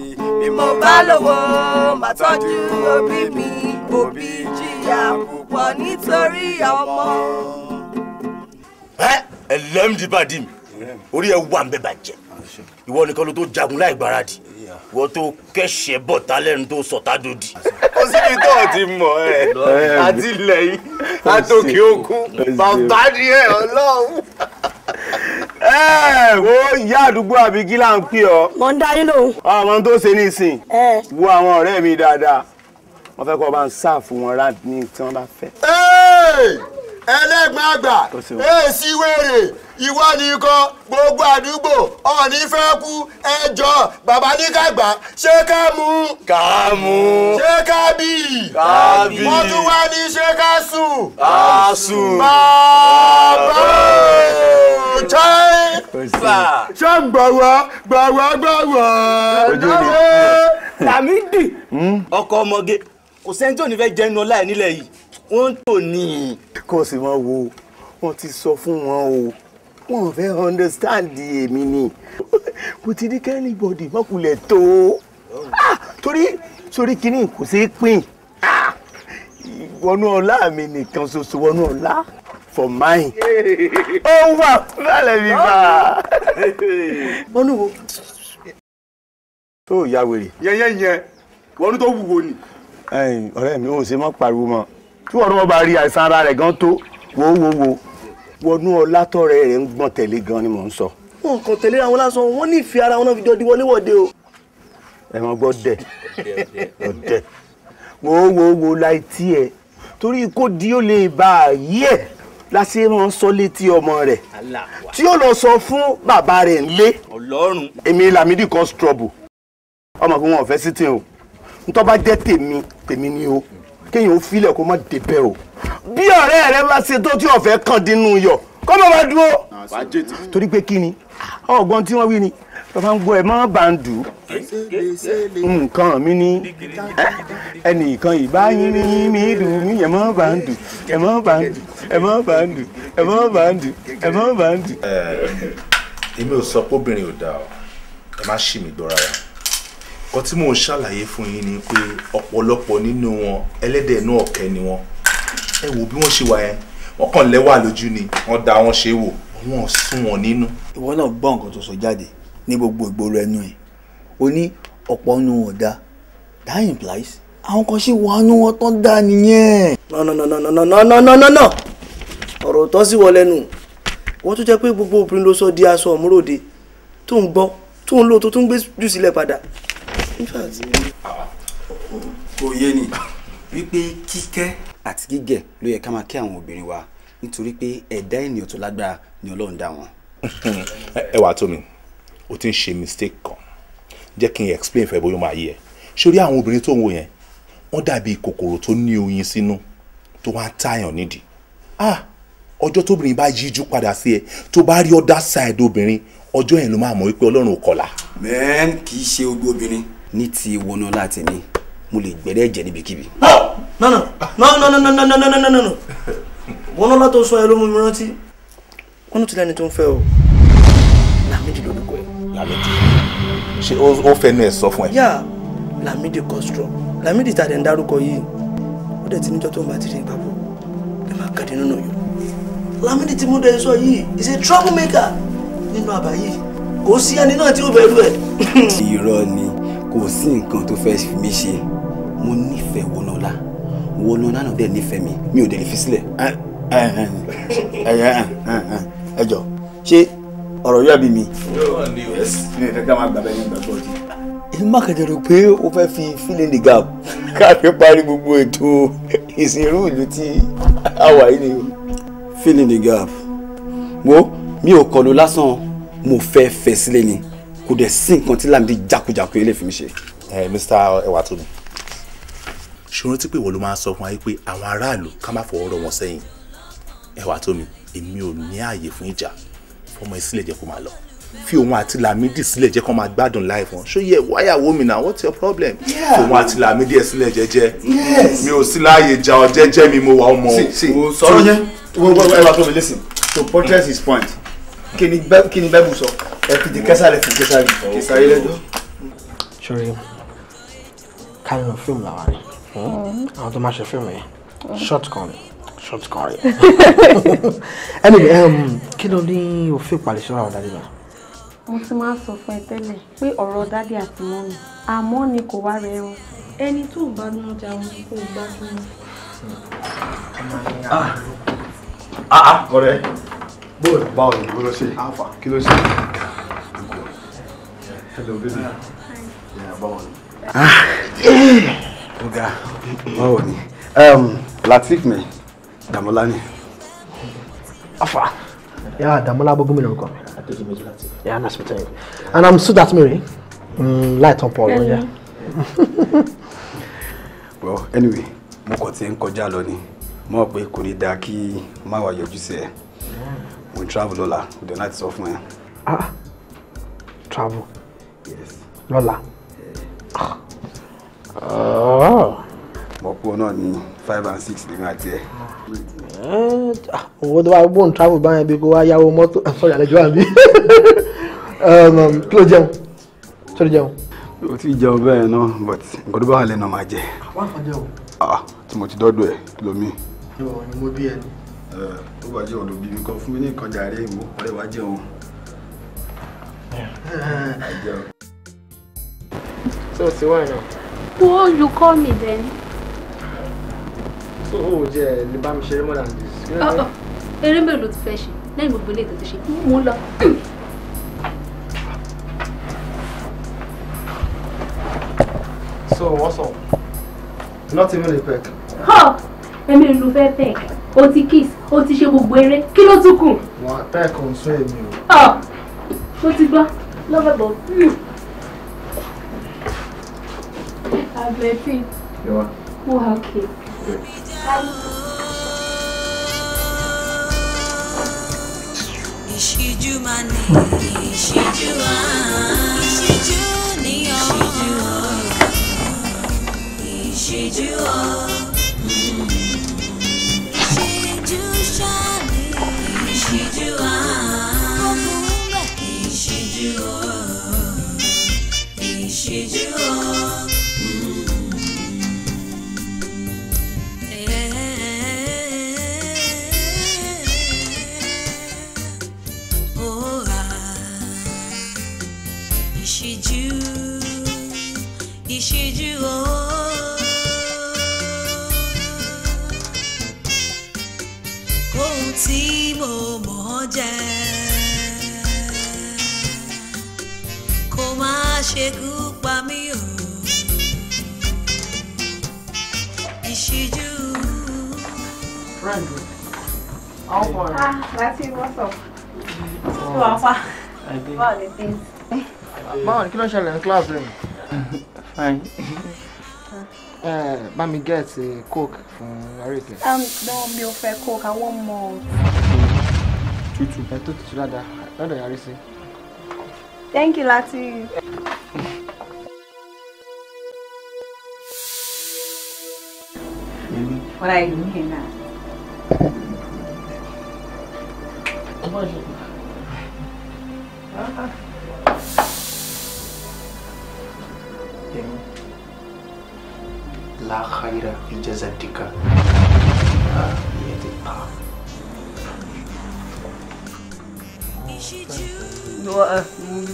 ni. bí mo bá lówó má tọ́jú òbí mi òbí jìyà púpọ̀ nítorí ọmọ. ẹ ẹ lẹ́mdìbàdì mi orí ẹ wà ń bẹ bàjẹ́ ah, ìwọ nìkan ló tó jagun láì gbáradì wọ́n tó kẹ́sẹ̀ bọ̀ tálẹ́nu tó sọ̀tá dòdì. ó sì fi tó ọtí mọ̀ ẹ́ àti ilẹ̀ yìí látòkè òkun bàbá ni ẹ ọlọ́run. ẹ wo ìyá àdúgbò àbí kí là ń pè ọ. mo ń darí lòun. ọmọ tó ṣe nísìn wo àwọn ọ̀rẹ́ mi dáadáa wọ́n fẹ́ kọ́ bá ń sáà fún wọn ráàdì ní tí wọ́n bá fẹ́ ẹlẹ́gbọ̀n àgbà èsì wèrè ìwọ nìkan gbogbo àdúgbò ọ̀ọ́nì fẹ́ kú ẹjọ́ bàbá ní kàgbà ṣé ká mú. ká mú. ṣé ká bì. ká bì. wọ́n tún wá ní ṣé ká sùn. ká sùn. bàbá jẹ́ ṣé ń gbọ̀wọ́ gbọ̀wọ́ gbọ̀wọ́ náwó. Lámídì hmm? ọkọ ọmọge kò sẹ́ńtò ní fẹ́ jẹ́ nu nílẹ̀ yìí wọ́n tò ní kó sì wọ́n wo wọ́n ti sọ fún wọn o wọ́n fẹ́ understand èmi ni mo ti ní kẹ́nìbọ̀dì mọ́kulẹ̀ tó ah, torí sórí kínní kò sí pín ah, wọnú ọlá mi nìkan ṣoṣo wọnú ọlá for mine. ó wà lálẹ́ mi bá. wọnú wo. tó yà wèrè. yẹn yẹn yẹn wọnú tó wúwo ni. ọ̀rẹ́ mi ò ṣe má pariwo mọ́ tí wọ́n náà bá rí àìsàn ara rẹ̀ gan tó wo wo wo wọnú ọlá tọrẹ rẹ̀ ń gbọ̀n tẹ̀lé gan ni mò ń sọ. wọn kàn tẹ̀lé àwọn lásán wọn ní ìfẹ́ ara wọn náà fi jọ di wọléwọ̀de o. ẹ mọ gbọ́ dẹ̀ ọ̀dẹ̀ wo wo wo láì tí ẹ torí kó di ó lè bá a yí ẹ lásì máa ń sọ létí ọmọ rẹ̀ tí ó lọ sọ fún bàbá rẹ̀ ńlé èmi Lamidi kan strọbù ọmọ kí wọn ò fẹ́ sí tí o ntọ́ bá jẹ́ tèmi tèmi ni o kéèyàn ó filẹ̀ kó má débẹ̀ o bí ọ̀rẹ́ rẹ bá ṣe tó tí ọ̀fẹ́ kàn dínú yọ kó má má dúró. torí pé kí ni ọgbọ́n tí wọ́n wí ni bàbá ń gbọ́ ẹ má bá ń dùn nǹkan mi ni ẹnìkan ìbáyín ní mi dùn mí ẹ má bá ń dùn ẹ má bá ń dùn ẹ má bá ń dùn ẹ má bá ń dùn ẹ má bá ń dùn. èmi ò sọ pé obìnrin ò dáa ọ ẹ má ṣì mí gbọ́ra wa nǹkan tí mò ń ṣàlàyé fún yín ni pé ọ̀pọ̀lọpọ̀ nínú wọn ẹlẹ́dẹ̀ inú ọ̀kẹ́ ni wọn ẹ wò bí wọ́n ṣe wà yẹn wọ́n kàn lẹ́wà lójú ni wọ́n da wọn ṣe wò wọ́n sún wọn nínú. ìwọ náà gbọ́ nǹkan tó sọ jáde ní gbogbo ìgboro ẹnu ẹ̀ o ní ọ̀pọ̀ nínú wọn dá that implies àwọn kan ṣe wà nínú wọn tán dá nìyẹn. no no no no no no no no no no ọ̀rọ̀ tán sì wọ lẹ́nu wọ́n tún jẹ́ pé gbogbo obìnrin ló sọ di aṣọ òmúròde tó ń gbọ́ tó ń lò tó tún gbé jù sílẹ̀ padà kò yé ni wípé kíkẹ́ àti gígẹ̀ ló yẹ ká máa kẹ́ àwọn obìnrin wa nítorí pé ẹ̀dá ènìyàn tó lágbára ni ọlọ́run dá wọn. ẹ wàá tómi o ti ń ṣe mistake kan jẹ́ kí n explain fẹ́ bóyá máa yé ẹ sórí àwọn obìnrin tó ń wo yẹn wọ́n dàbí kòkòrò tó ní oyin sínú tó wá ń tààyàn nídìí ah ọjọ́ tóbìnrin bá yíjú padà sí ẹ tó bá rí other side obìnrin ọjọ́ yẹn ló máa mọ̀ wípé ọlọ́run ò kọlà. mẹ́ẹ́n kì í ṣe gbogbo obìnrin ní ti Wọnúọlá tèmi mo lè gbẹ̀rẹ́ ẹ̀jẹ̀ níbikíbi. nọ́nà nọ́nà nọ́nà nọ́nà nọ́nà nọ́nà Wọnúọlá tó sọ ẹ ló mú mi rántí wọ́n tún lẹ́ni tó ń fẹ́ o Lámídì lórúkọ ẹ̀. Lámídì ṣé ó fẹnu ẹ sọ fún ẹ. yá Lámídì kọ́strọ̀ Lámídì tàdé ń dárúkọ yìí ó dẹ̀ ti níjọ́ tó ń bá ti rìn papọ̀ ẹ má kàdé nínú yòó Lámídì tí mo dẹ̀ sọ yìí is a trouble maker nínú àbá yìí kò sí ẹni náà tí ó bẹ̀rù ẹ̀. irọ́ ni kò sí nǹkan tó fẹ́ fi mí ṣe mo nífẹ̀ẹ́ Wonola Wonola náà dẹ̀ nífẹ̀ẹ́ mi mi ò dẹ̀ lè fi sílẹ̀. ẹ jọ ṣé ọ̀rọ̀ yóò bí mi. yóò ní o. mi ò fẹ́ ká máa gbàgbẹ́ yín gbàgbọ́ ọtí má kẹ̀dẹ̀ rò pé o fẹ́ fi filling the gap káfí parí gbogbo ètò ìsìnrú ìlú tí a wà yìí ni. filling the gap wo mi ò kọlu lásán mo fẹ́ fẹ́ sílẹ̀ ni kò dẹ̀ sí nǹkan tí Lámìdí jákujàku yẹn lè fi mi ṣe. ẹ Mr Ewatomi ṣòro tí pé ìwọ ló máa sọ fún wa pé àwọn aráàlú ká má fọwọ́ rọ wọn sẹ́yìn Ewatomi èmi ò ní ààyè fún ìjà fọmọ ẹ sílẹ̀ jẹ́ kó máa lọ fi òun àti Lámìdí sílẹ̀ jẹ́ kó máa gbádùn life wọn ṣó yẹ wáyàwó mi náà what's your problem fi òun àti Lámìdí ẹ sílẹ̀ jẹ́jẹ́ mi ò sí láàyè ja ọ jẹ́jẹ́ mi mo wà ọmọ sọ̀rọ̀ yẹn Ewatomi listen to protest his point kí ni Bible sọ ẹ fìdí kẹsàlẹ fìdí kẹsàlẹ kẹsàlẹ lẹjọ. sori káyọ̀ fíìmù làwa ni mm-hmm. àwọn tó máa ṣe fíìmù yẹn mm-hmm. short kan ni short kan rẹ. anyway um, kí ló ní òfin ìpàdé sọ́ra ọ̀dà nígbà. mo ti máa ń sọ fún ẹ tẹ́lẹ̀ pé ọ̀rọ̀ dádì àti mọ́mì àmọ́ ni kò wá rẹ̀ wọn ẹni tó gbádùn ọjà wọn kò gbádùn. Ah, ah, ah, ọ̀rẹ́ bóòlù báwo ni mo lọ ṣe alpha kí ló ṣe. hello baby báwo ni. Ah, eh, ọ̀gá báwo ni um, latif mi Dàmọ́lá ni afa. Yeah, Damola Bogumi lorúkọ mi. Yeah, nice meeting you. And I'm Sudat Miri. Mm, light on Paul, yeah. well, anyway, mo kàn ti ń kọjá lọ ni. Mo mọ̀ pé kò ní dáa kí We travel lola. The náà ti sọ fún ah travel yes lọ́la. mo pọ̀ náà ní five and six lèmi àti ẹ. what do I want? travel báyẹn bí kó wá yáwó mọ́tò sọ̀rọ̀ àlejò àbí um, um, kí ló jẹun tó ló jẹun. o ti jẹun bẹ́ẹ̀ náà but nǹkan tó bá wà lẹ́nu máa jẹ. wọ́n á fọ́ too tí mo ti dọ́dọ̀ ẹ̀ lómi. ìwọ ni mo bí ẹni. Eh, tó bá jẹ́ ọ̀dọ̀ bíbí kan fún mi ní ìkọjà rẹ̀ ìmú ọ̀rẹ́ wa jẹun. so ti wá iná. wo you call me then. so o oh, jẹ lè bá mi ṣeré more than this. Oh, oh. eré mélòó ló ti fẹ́ ṣe lẹ́yìn gbogbo ilé ìtọ́jú ṣe mú lọ. so what's up? not even a peck. Huh ẹ̀mí ló fẹ́ tẹ̀ o ti kiss o ti ṣe gbogbo eré kí ló tún kù. wọn àtẹ kan sún èmi o. ó ah, ti gbọ́ lọ́fẹ̀ẹ́ bọ̀. Hmm. mo hà kè. ìṣíjú máa ní ìṣíjú máa ìṣíjú ní ọ̀rọ̀ ìṣíjú ọ̀rọ̀. ṣekú pa mí o ìṣíjú. Friend, how far? Ah, Latif, what's up? Ṣé wàá pa? Báwo ni things? Báwo ni kí ló ń ṣẹlẹ̀ ní class rẹ̀? Fine. Uh, bá mi get uh, coke fún Arike. Um, no, mi ò fẹ́ coke, I want more. Tútù. Ẹ tó tútù dáadáa, lọ́dọ̀ yàrá sí. Thank you, Latif. What are you doing here now? لا خير في Ah, لا يدك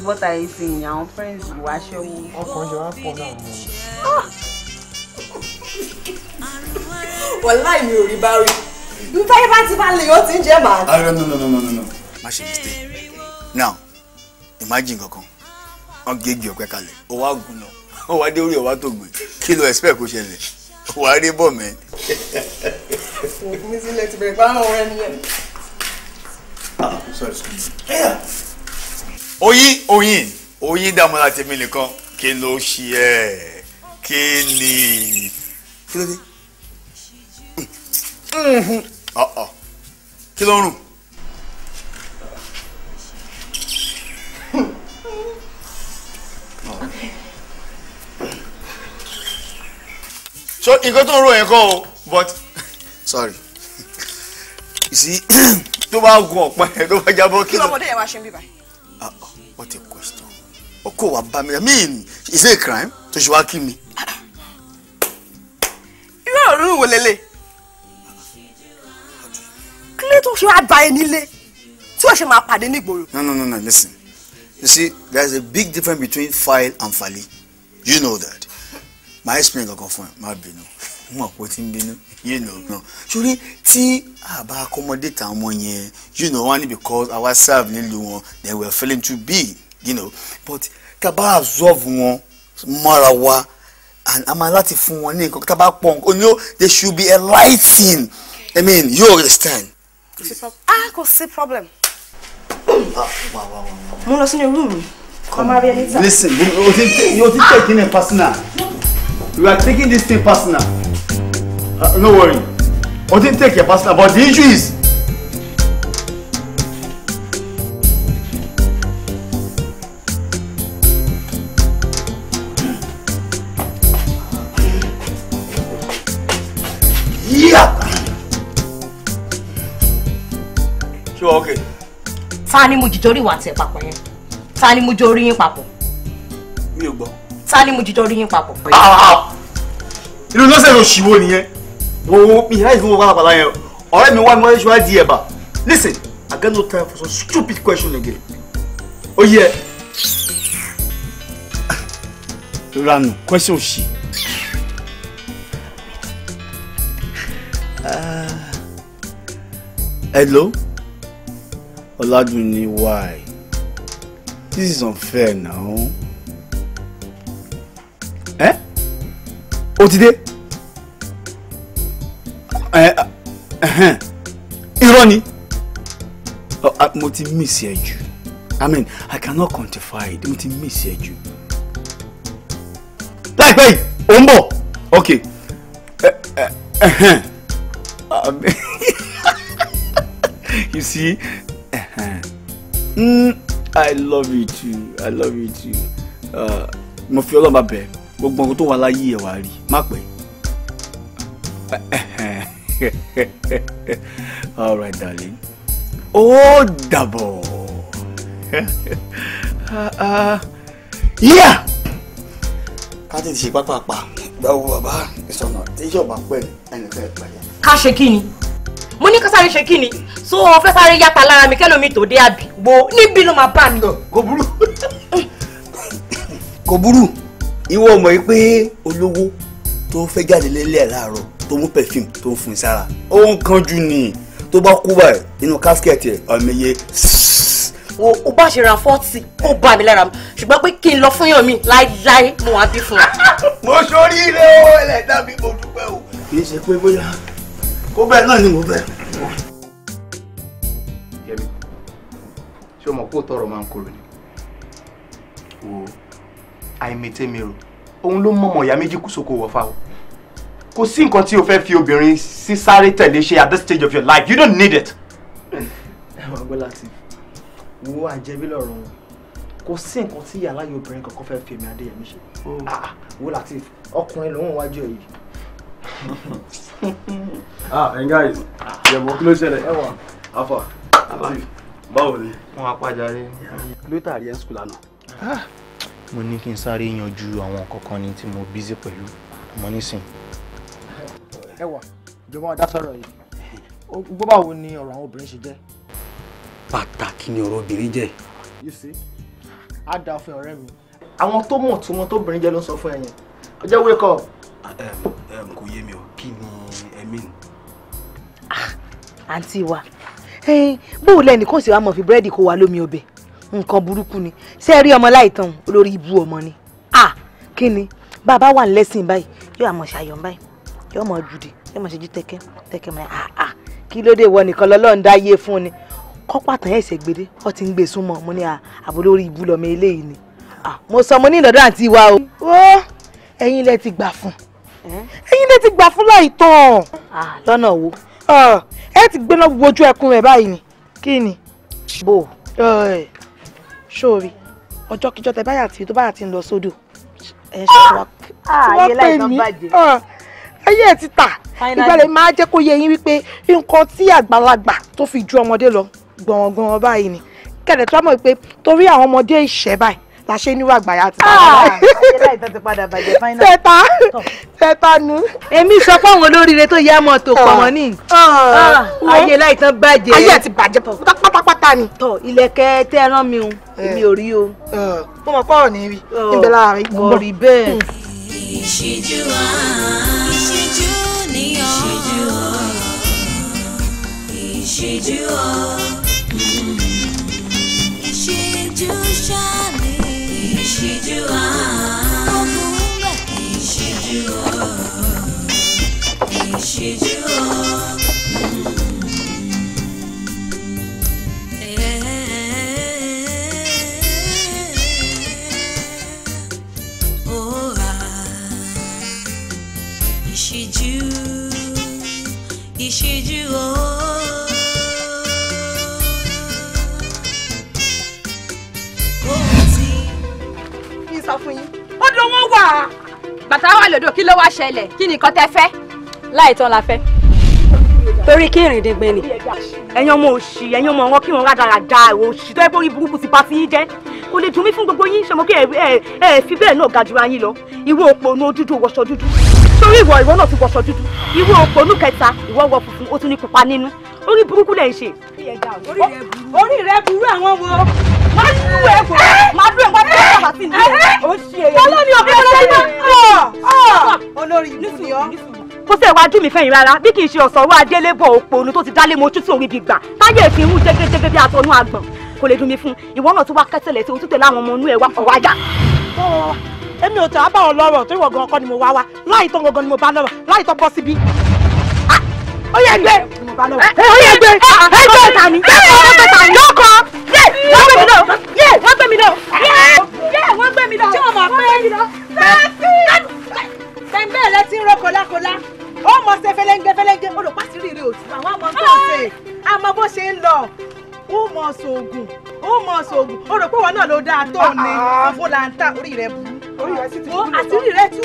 what are you saying friends wò aṣẹ́wó. ọkùnrin ṣe wá pọ̀ náà mọ́. wàláì mi ò rí bá rí nítorí bá ti bá lè yóò ah, no no no no no no má mistake now imagine kankan wọn gé igi ọ̀pẹ kalẹ̀ ó wá gùn náà ó wá dé orí expect kó ṣẹlẹ̀ ó wá rí bọ̀ mẹ́. òkú mi sílẹ̀ ti oyin oyin oyin dààmú láti mi nìkan kí ló ṣe ẹ kí ni. kí ló dé mm-hmm. kí ló ń rùn. so nǹkan tó ń rò yẹn kọ́ o but. sorry See, tó bá gun ọ̀pá yẹn tó bá jábọ́ kí ló. kí lọ́mọdé yẹn wá ṣe ń bíbá. Ah, what a question ọkọ wa bá mi i mean is it a crime to ṣe wá kí mi. irú ọ̀run wò lélẹ̀ kí ló tó ṣe wá bá ẹ nílé tí wọ́n ṣe máa pàdé nígboro. no no no no listen you see there is a big difference between file and fali you know that my experience kankan fún ẹ má bínú mọ̀ pé ó ti ń bínú yìí nà ọ̀gbọ́n sórí tí àbá accommodate àwọn ọmọ yẹn you know wọ́n ní because our serve nílùú wọn they were failing to be you know but kaba absorb wọn mọ́ra wa and a máa láti fún wọn ní nǹkan kaba pọ̀ nǹkan ni ó they should be enlightening i mean you understand. ah kò sí problem. mo lọ sínú rúùmù kọ́ máa rí ẹni tà. listen o ti tẹ̀ kí ni personal we are taking this thing personal uh, no worry odin take your personal but the issue is okay. ta ni mo jìjọ rí ìwà àti ẹ̀ papọ̀ yẹn ta ni mo jọ rí yín papọ̀. mi ò gbọ́ ta ni mo jíjọ rí yín papọ̀. Ah, ah, ah. inú lọ́sẹ̀ ló ṣìwò nìyẹn wo mi láì fún wọn pàlàpàlà yẹn ọ̀rẹ́ mi wá ní wọ́n ṣe di ẹ̀bà listen I get no time for some stupid question again ó yẹ. ranu question ṣì. hello Ọládùnní why this is unfair now. o ti dé irọ́ ni mo ti miss ẹ jù i mean i cannot quantify it mo ti miss ẹ jù láìpẹ́ yìí ò ń bọ̀ ok you see uh huh. mm, i love you too i love you too uh, mo fi ọlọ́mọba bẹ̀ẹ́ gbogbo ohun tó wà láyé ẹ̀ wá rí má pẹ́. all right darling ó dàbọ̀ yíyà. ká tètè ṣe pápápá gbàwó bàbá ìsọ̀nà tí yọ̀bá pẹ́ ẹnìkan ẹ̀ pẹ̀lẹ́. ká ṣe kí ni mo ní ká sáré ṣe kí ni so o fẹ́ sáré yàtà lára mi kẹ́lómi tó dé àbí wo níbi ló máa bá mi. kò burú kò burú ìwọ mọ̀ pé olówó tó fẹ́ jáde lélẹ̀ láàárọ̀ tó mú perfume tó ń fún sára ó ń kanjú ni tó bá kú báyìí nínú kásikẹ̀tì ẹ̀ ọ̀mẹyẹ. o bá ṣe ra fọ́ọ̀tì kó bá mi lára mu ṣùgbọ́n pé kí n lọ fún yàn mi láéláé mo wá bí fún wa. mo sórí ilé o ẹlẹ́dá mi mo dúpẹ́ o. kì í ṣe pé bóyá kó bẹ́ẹ̀ náà ni mo bẹ́ẹ̀. ṣé o mọ̀ pé òótọ́ máa ń korò ni wo àìmètèmèrò òun ló mọ̀mọ̀ ìyá méjì kù sóko wọ̀fà o kò sí nǹkan tí o fẹ́ fi obìnrin sísáré tẹ̀lé ṣe at this stage of your life you don't need it. ẹ wá gbọ́ láti wo àjẹbí lọ́rọ̀ wọn kò sí nǹkan tí aláyọ̀ obìnrin kankan fẹ́ fi èmi adéyẹmí ṣe oh. ah, wo láti ọkùnrin lòun wájú ẹ̀ yìí. ah and guys yẹ̀wò kí ló ṣẹlẹ̀ ẹwà afa báwo ni. wọn apájà rí. lóòótọ́ àríyá ń sùkúl lánàá. Ah mo ní kí n sáré yanjú àwọn nǹkan kan ní tí mo bízí pẹ̀lú àmọ́ nísìn. ẹ wà ìjọba ọ̀dá sọ̀rọ̀ yìí gbọ́ báwo ni ọ̀rọ̀ àwọn obìnrin ṣe jẹ́. pàtàkì ni ọ̀rọ̀ obìnrin jẹ́. you see á dáa fún ọ̀rẹ́ mi àwọn tó mọ̀ tó mọ̀ tó obìnrin jẹ́ ló ń sọ fún ẹ̀yìn ọjọ́ wake up. kò yé mi o kí ni ẹ mí. Ah, àǹtí wa bó o lẹ́nìkan sì wá mọ̀ fi búrẹ́dì kó wa lómi ọbẹ̀ nǹkan burúkú ni ṣé ẹ rí ọmọ láìtàn olórí ibú ọmọ ni ah kí ni bàbá wà lẹ́sìn báyìí yóò àmọ̀ ṣàyọ̀ báyìí yóò mọ̀ jùdì yóò mọ̀ ṣojú tẹ́kẹ́ tẹ́kẹ́ mọ́ ah ah kí ló dé wọ nìkan lọ́lọ́run dá yé fún ni kọ́pà tán ẹ̀sẹ̀ gbére ọ ti ń gbé súnmọ́ mo ní àbólórí ibú lọ́mọ eléyìí ni ah mo sọ mo ní ìdọ́dọ̀ àǹtí wa o ó ẹ̀yin lẹ ti gbà fún ẹ̀yin lẹ ti gbà fún láìtàn ah lọ́nà wo ẹ ti gbéná wojú ẹkún rẹ̀ báyìí ni kí ni bò ẹ̀ ṣóòrì ọjọ́ kíjọ́ tẹ báyà tí tó báyà ti ń lọ sódò ẹ ṣe ah, wá tí ah, wọ́n pè mí ah, ayé ẹ̀ ti tà ìgbàlẹ̀ máa jẹ́ kó yẹ yín wípé nǹkan tí àgbàlagbà tó fi ju ọmọdé lọ gbọ̀ngàn báyìí ni kẹ̀lẹ̀ tó mọ̀ pé torí àwọn ọmọdé ìṣẹ́ báyìí la ṣe níwà gbàyà ah! ti padà bàjẹ́ fáínà. tẹta tẹta nu. èmi sọ fáwọn olóríire tó yá mọ́tò pọ̀ wọ́n ní. Ah. Ah. ayé láìtàn bàjẹ́. ayé àti bàjẹ́ pátápátá ni. tọ ilẹ̀kẹ̀ tẹ́ ẹ rán mi o eh. èmi ò rí o. mo mọ̀ pọ̀ ní rí oh, níbẹ̀ láàrin. mo rí bẹ́ẹ̀. Hmm. ìṣíjú àá ìṣíjú níyàn ìṣíjú ọ̀ ìṣíjú ọ̀. fún yín odò wọn wà. bàtà wà lòdò kí ló wá ṣẹlẹ̀ kí ni nǹkan tẹ fẹ́. láìtàn la fẹ́ torí kí ìrìndíngbẹ ni ẹ̀yin ọmọ òṣì ẹ̀yin ọmọ wọn kí wọn rádaràda òṣì tó yẹ kó rí burúkú ti pa sí yín jẹ kò lè dùn mí fún gbogbo yín ṣọmọ kí ẹ ẹ fi bẹ́ẹ̀ náà ga jura yín lọ ìwọ òpònú dúdú wọṣọ dúdú torí ìwọ ìwọ náà ti wọṣọ dúdú ìwọ òpònú kẹta ìwọ wọ funfun ó tún ní pupa nínú orí burúkú lẹ̀ ń ṣe. orí rẹ burú àwọn wo. má dúró ẹ kò má dúró ẹ kò ní ọ̀rọ̀ àti ìlú rẹ̀. ó ṣe é. tọ́lọ́ ni òbí ọlọ́run náà. olórí ìbùkún yọ kó sẹ́ wájú mi fẹ́yìn rárá bí kì í ṣe ọ̀sọ̀rọ̀ adélébọ̀ òpònú tó ti dálé mojú tí òun ibi gbà táyé èfi irú jégéjégé bí atọ́nú àgbọ̀n kò lè dùn mí fún ìwọ náà tó wá kẹsẹ̀lẹ̀ tí o tún tẹ̀lé àwọn ọmọ inú ẹ̀ wá ọ̀wá yá. èmi ò tẹ̀ á bá wọn lọ́rọ̀ tó ìwọ̀ gan ọkọ ni mo wá wá láì tán gangan ni mo bá lọ́rọ̀ láì tán bọ́ síbí ó yẹ gbé ó yẹ gbé ẹ gbé ta ni ẹ gbé ta ni lọkọ yé wọn gbé mi lọ yé wọn gbé mi lọ yé wọn gbé mi lọ tí wọn mọ pé bẹ́ẹ̀ lẹ ti ń rọ kọlákọlá ó mọ ṣe fẹlẹ́ńgẹ́ fẹlẹ́ńgẹ́ olùpàṣírí rẹ òtún àwọn àmọ́ tó ń ṣe àmọ́ bó ṣe ń lọ ó mọ ṣoògùn ó mọ ṣoògùn ó rò pé wọn náà ló dáa tó ni ah, ah. òfò là ń ta orí rẹ bu orí rẹ sì ti kú lọ àṣírí rẹ tú.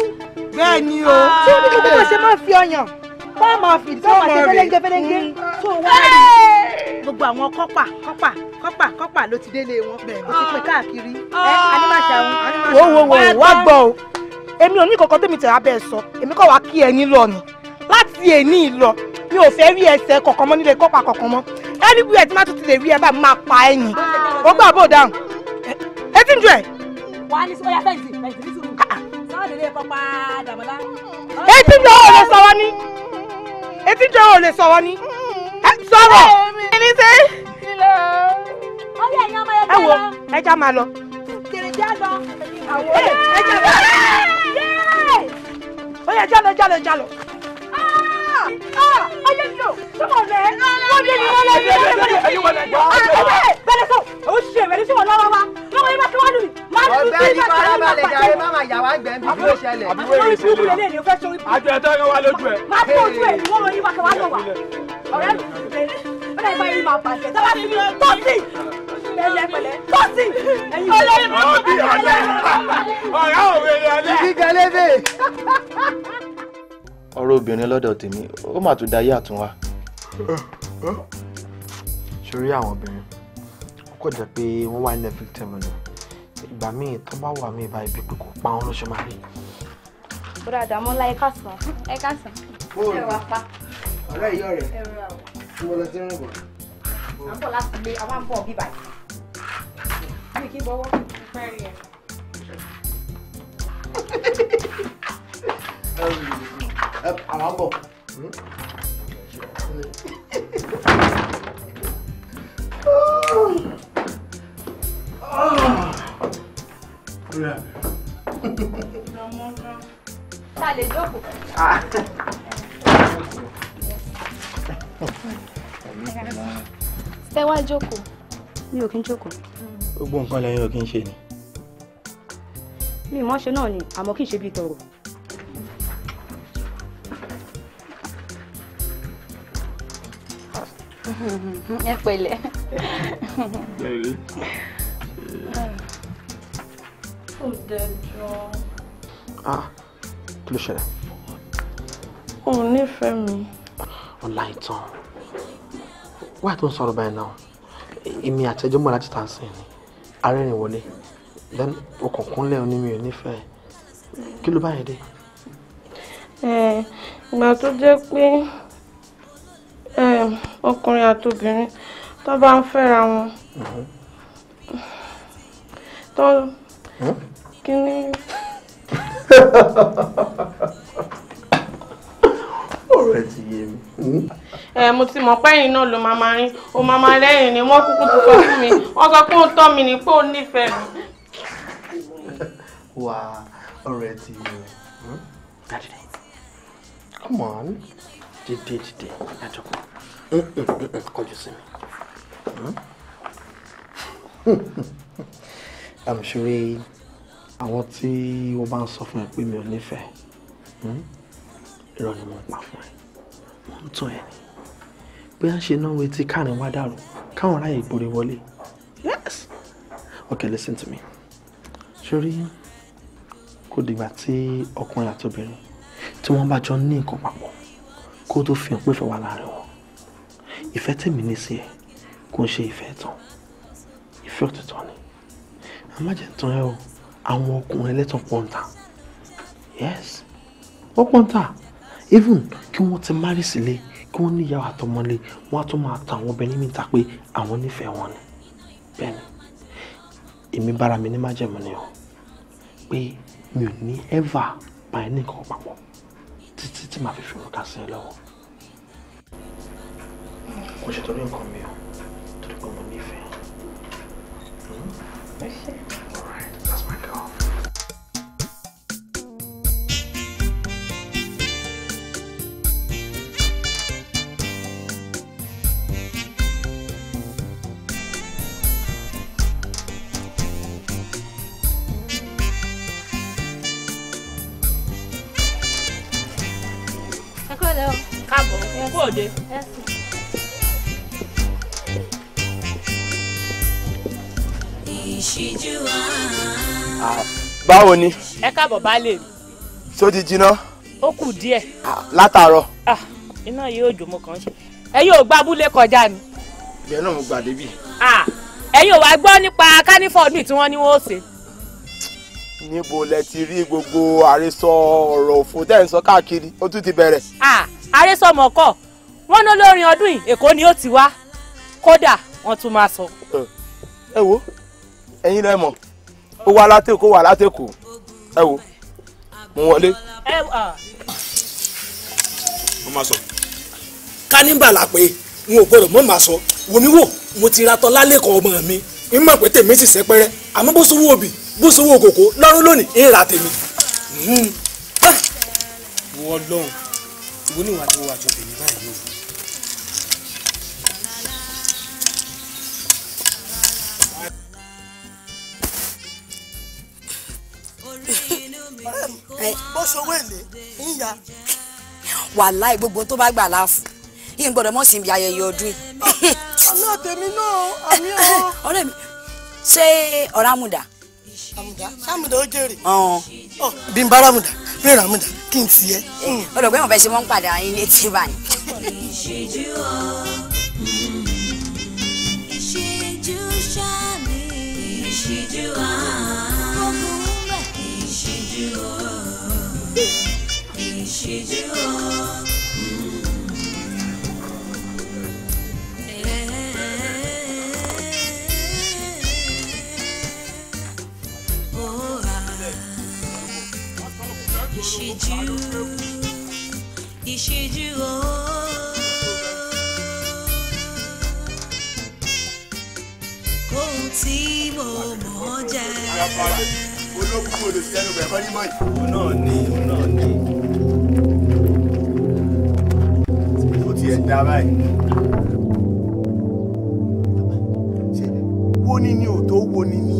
bẹ́ẹ̀ ni o. tí o ní kí n bá ṣe máa fi ọyàn fọ́ọ̀mù ọ̀fìn tí wọ́n ṣe fẹ́lẹ́ńgẹ́ fẹ́lẹ́ńgẹ́ tó wọ́n rí gbogbo àwọn kọ́pà kọ́pà kọ́pà kọ́pà ló ti délé wọn ó ti pè káàkiri ẹ anímàṣà wọn. wo wo wo wá gbọ́ o èmi ò ní kọ̀ọ̀kan tèmi tẹ̀ra bẹ́ẹ̀ sọ èmi kọ̀ wá kí ẹni lọ ni láti èní lọ mi ò fẹ́ rí ẹsẹ̀ kọ̀ọ̀kan mọ́ nílé kọ́pà kọ̀ọ̀kan mọ́ ẹni bí ẹ ti má tún ti lè rí ẹ bá máa pa ẹ̀yìn ah! ó gbà bó dáhùn etí ń jọ ẹ. wàá ní sọ́yà fẹ́ǹsì fẹ́ǹsì nítorí sọ́ọ̀dì ilé kọ́pà dàmọ́lá. etí ń jọ ọ̀rọ̀ sọ wọn ni etí jọ ò lè sọ̀rọ̀ ni sọ̀rọ̀ ẹni ṣe. ẹ wo ẹja máa lọ. ó yẹ jálọ jálọ jálọ. Ah! ayé mi o sọmọ rẹ ní ìwọ lọ sí mi ẹgbẹ bẹ̀rẹ̀ bẹ̀rẹ̀ sọ lọ́wọ́ wa lọ́wọ́ yẹn bá kí wọn lù mí má lù mi. máma yà wá gbẹ bí kò ṣẹlẹ̀. àbúrò yìí ṣe lè àjọ ẹ̀tọ́ yẹn wá lójú ẹ. má fọ ojú ẹ ìwọ ọ̀rẹ́ mi bẹ̀rẹ̀ bẹ̀rẹ̀ bá yín máa pàṣẹ mi tọ́sí pẹ̀lẹ́pẹ̀lẹ́ tọ́sí ẹ̀yin ọlọ́yìn mọ́ ọ̀rẹ́ òwe ni ọ̀rọ̀ obìnrin lọ́dọ̀ tèmi ó mà tún dayé àtúnwá. sórí àwọn obìnrin kò jẹ́ pé wọ́n wà nílẹ̀ victim ni ìgbà míì tó bá wà mí ìbá ibi pé kò pa wọn ló ṣe máa rí. bùrọ̀ àdàmọ́lá ẹ káàsán ẹ káàsán ẹ wà pa. ọ̀rẹ́ ìyá rẹ̀ kí wọ́n lọ sí rìn bọ̀. à ń bọ̀ láti ilé a máa ń bọ̀ bíbà yìí. mi kì í bọ́wọ́ fẹ́ rí ẹ àwọn bọ̀. Ta lè jókòó. Ṣé wá jókòó? Mi ò kí ń jókòó. Gbogbo nǹkan lẹ́yìn ò kí ń ṣe ni. Mi ìmọ̀ọ́ṣe náà ni, àmọ́ kì í ṣe bí tọrọ. ẹ pẹ̀lẹ́. ó dẹjọ́. ah kí ló ṣẹlẹ̀. on. nífẹ̀ẹ́ mi. ọ̀la ìtàn wáyé tó ń sọ̀rọ̀ báyìí náà èmi àtẹjọ́ mọ̀ láti tàn sí ni arẹ́rìn wọlé then okùnkùnlẹ̀ onímì ò nífẹ̀ẹ́ kí ló báyìí dé. ẹ ìgbà tó jẹ́ pé ọkùnrin àtobìnrin tó bá ń fẹ́ra wọn tó kí ni. ọ̀rọ̀ ẹ ti yé mi. ẹ mo ti mọ̀ pé ẹ̀yin náà ló máa máa rin o máa máa lẹ́yìn ni wọ́n kúkú ti sọ fún mi wọ́n sọ pé ó tọ́ mi ni pé ó nífẹ̀ẹ́ mi. wà á ọ̀rọ̀ ẹ ti yé mi. Come on. Did, did, did. That's okay kọjú I'm sure àwọn tí o bá ń sọ fún ẹ pé mi ò nífẹ̀ẹ́ irọ́ ni mo ń pa fún ẹ mo ń tún ẹ ní bí a ṣe náwó etí káàrin wá dàrú káwọn ráàyè ìgboro wọlé yes okay listen to me sórí kò dìgbà tí ọkùnrin àtobìnrin tí wọ́n bá jọ ní nǹkan papọ̀ kó tó fi hàn pé fẹ́ wà láàrin wọn ìfẹ́ tèmi ní sí ẹ kò ń ṣe ìfẹ́ tán ìfẹ́ òtítọ́ ni a má jẹ́ tán ẹ o àwọn ọkùnrin ẹlẹ́tàn pọ̀ ń ta yes wọ́n pọ̀ ń ta even kí wọ́n ti márì sílé kí wọ́n níyàwó àtọmọlé wọ́n á tún máa ta àwọn obìnrin mi ta pé àwọn nífẹ̀ẹ́ wọn ni bẹ́ẹ̀ ni èmi bára mi ní májẹ̀mú ni o pé mi ò ní ẹ́và báyìí nìkan papọ̀ títí tí màá fi fi òrùka sí ẹ kò ṣe torí nǹkan mi o torí pé mo nífẹ̀ẹ́. Hmm? All right, that's my girl. Káàbọ̀, kú òde. ìṣíjú wa. báwo ni. ẹ káàbọ̀ baálé mi. tó ti jiná. ó kù díẹ̀. látàárọ̀. Ah, iná yìí òjò mo kàn ń ṣe ẹ yóò gba abúlé kọjá ni. ìyẹn náà mo gbà débi. Ah, ẹ̀yin ò wá gbọ́ nípa kánífọ̀d mi tí wọ́n ní wọ́n ó ṣe. níbo lẹ ti rí gbogbo àròsọ ọ̀rọ̀ òfò tẹ́ ẹ̀ ń sọ káàkiri ó tún ti bẹ̀rẹ̀. Ah, àròsọ mọ̀ọ́kọ̀ wọ́n ná ọdún yìí èkó ni ó ti wá kódà wọ́n tún máa sọ. ẹ wo ẹ̀yin lẹ́ mọ̀ ó wá látẹ̀kọ́ wà látẹ̀kọ́ ẹ wò mo wọlé. ẹ wà. mo máa sọ. káníbà la pé n ò gbọdọ̀ mọ́ màá sọ wòmí wò mo ti ra tọ́ lálẹ́kọ̀ọ́ ọmọ mi n mọ̀ pé tèmi sì sẹ́pẹ́rẹ́ àmọ́ bó sowó òbí bó sowó òkòkò lọ́rùn lónìí èèrà tèmi. Hmm. wọ́n lọ́hùn-ún ìwọ ni ìwà tí wọ́n wà tèmi báyìí o. bó ṣòwò èlé ń ya. wàláì gbogbo tó bá gbà láàfù yìí ń gbọ́dọ̀ mọ̀ sí ibi ayẹyẹ ọdún yìí. ọ̀nà tèmi náà àmì ọ̀. ọ̀rẹ́ mi ṣé ọ̀rámùdà. àmùdá sàmùdá ó jèrè. bí n bá rámùdà bí rámùdà kí n tiẹ̀. ọ̀dọ̀gbẹ́ mọ̀ fẹ́ ṣe mọ́ ń padà ilé tí bá ìṣíjú o. ìṣíjú ìṣíjú o. ohun tí mo mọ̀ jẹ́ olókùn olùsẹ́nu rẹ̀ kọ́ ní mọ́yì. òun náà ni òun náà ni. ó ti ẹ̀ dá báyìí. wo ni ni ò tó wo ni ni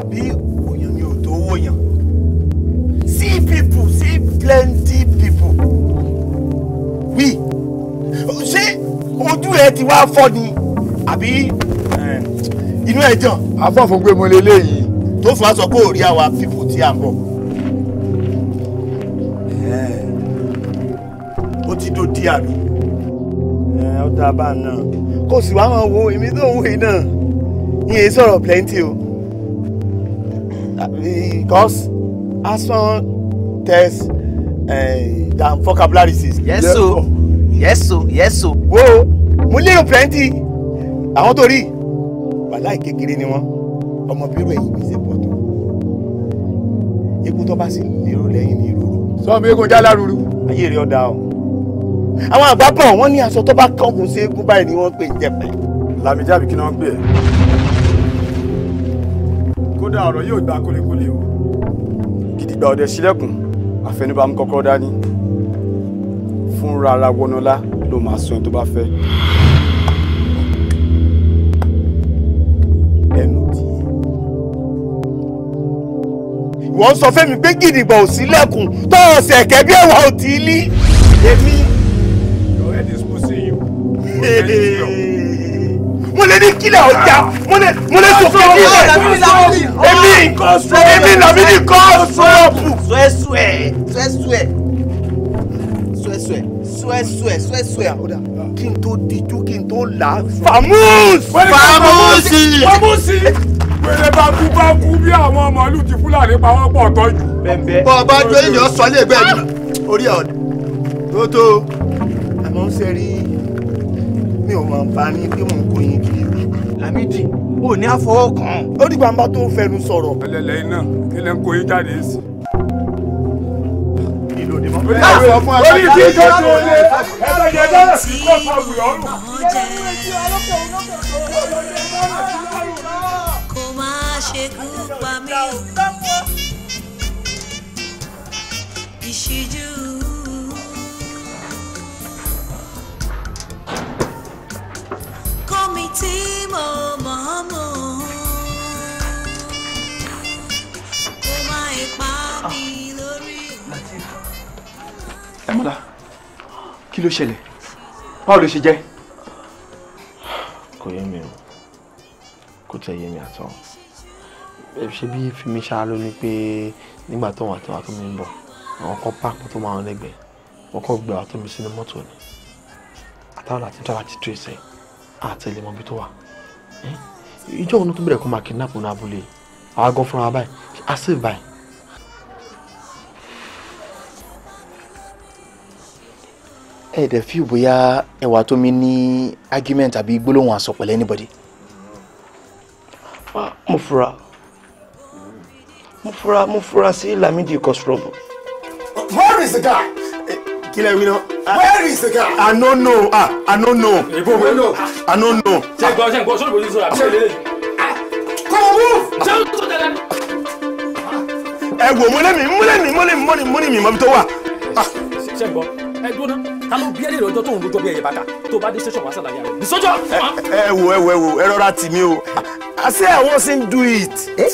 àbí òyàn ni ò tó wòyàn. see people see plenty people. wí ṣé ojú ẹ ti wá fọ́ ni àbí inú ẹ jàn. àfọ̀fọ̀ gbé mo lélẹ́yìí tó fà á sọ pé ò rí àwa fífò tí a ń bọ̀. ó ti dó díà mi. ó dá bá a náà kó sì wá máa wo èmi tó ń wé náà ní èyí sọ̀rọ̀ plenty o. because asan test uh, than vocabulary says. yes o yes o yes o. wo mo lérò plenty àwọn tó rí wàhálà kékeré ni wọn ọmọ bírò ẹ̀yìn bí ṣe pọ̀ tó egun tó bá sì lérò lẹ́yìn ní ìrorò. sọ́ọ̀mù eégún já lárúurú. ayé rẹ̀ ọ̀dà o. àwọn àgbà bọ̀ wọ́n ní aṣọ tó bá kọ́gùn sí eégún báyìí ni wọ́n pè jẹ̀pẹ̀. làmìjáàbí kí ni wọ́n gbé ẹ̀. kódà ọ̀rọ̀ yóò gba kólékólé o. gidigba ọ̀dẹ sílẹ̀kùn àfẹnubàmù kọ́kọ́ dání fúnra ara wọnọlá ló máa sọ ẹni tó bá fẹ́. wọ́n sọ fẹ́mi pé gidigba ò sílẹ̀kùn tó ọ̀sẹ̀ kẹ́ bí ẹ̀wà ò tí ì lí. èmi. your head is pushing you. mo lè ní kílẹ̀ ọjà mo lè mo lè sọ fún mi rẹ̀ èmi èmi làbí ní kọ́ sọ́ọ̀pù. suẹ́suẹ́ suẹ́suẹ́ suẹ́suẹ́ suẹ́suẹ́ suẹ́suẹ́ àkódà kí n tó dijú kí n tó là á. famus famusi famusi wèrè bá kú bá kú bí àwọn màálù ti fúlàní pa tọ́jú. bọ́ ọba jó èèyàn sọ lè gbẹ́ orí ọ̀dọ̀ tó tó àmọ́ ń ṣe rí mi ò mọ̀ nfa ní bí mò ń kó yín kiri. Lámídì ò ní àfọwọ́ kan. ó dìgbà ń tó ń fẹnu sọ̀rọ̀. ẹlẹ́lẹ́ iná kí lẹ́ ń kó yín jáde sí i tó lé ẹgbẹ́ yẹn dára sí kọ́ta wùyọ́rù ṣekú pa mí o. ìṣíjú. kọ́mi tí mo mọ̀ ọ́ mọ̀ kó má ipa mi lórí. ẹ̀mọ́lá kí ló ṣẹlẹ̀ báwo ló ṣe jẹ́. kò yé mi o kò tẹ́ yé mi àtọ́ ṣe bí fimi ṣáá ló ní pé nígbà tó wà tó wà tó mi ń bọ̀ àwọn kan páàkì tó máa ń lẹ́gbẹ̀ẹ́ wọ́n kọ́ gbé àwọn tó mi sínú mọ́tò ni àtàwọn àti tọ́lá ti trace ẹ̀ àti ilé mọ́bí tó wà ìjọ òun tó bẹ̀rẹ̀ kó máa kidnap ní abúlé àwọn agan fúnra báyìí á save báyìí. ẹ dẹ̀ fi bóyá ẹwà tó mi ní argument àbí gbólóhùn àsọpẹ̀lẹ́ anybody. Ah, mo fura mo fura mo fura sí Lamidi cause trouble. where is the guy. kílẹ̀ wí náà. where is the guy. i no know ah i no know. ìbò mi lò. i no know. ṣe gbọ́ ṣe gbọ́ sórí ìbòjú sọ̀rọ̀ àbí ṣe lélẹ̀. come on move. ṣé o tó tẹ̀lé. ẹ wò mọ́lẹ́mì mọ́lẹ́mì mọ́lẹ́mì mọ́lẹ́mì mọ́lẹ́mì mọ́bi tó wà. ṣe gbọ́ ẹ dúró ná ta ló bí ẹlẹ́rìí ọjọ́ tó ń rojọ́ bí ẹyẹ bàtà tó bá dé station wá sàlàyé rẹ̀ ní sọ́jọ́. ẹ wo ẹ wo ẹ wo ẹ rọra tì mí o i say i wan sing do it. Eh?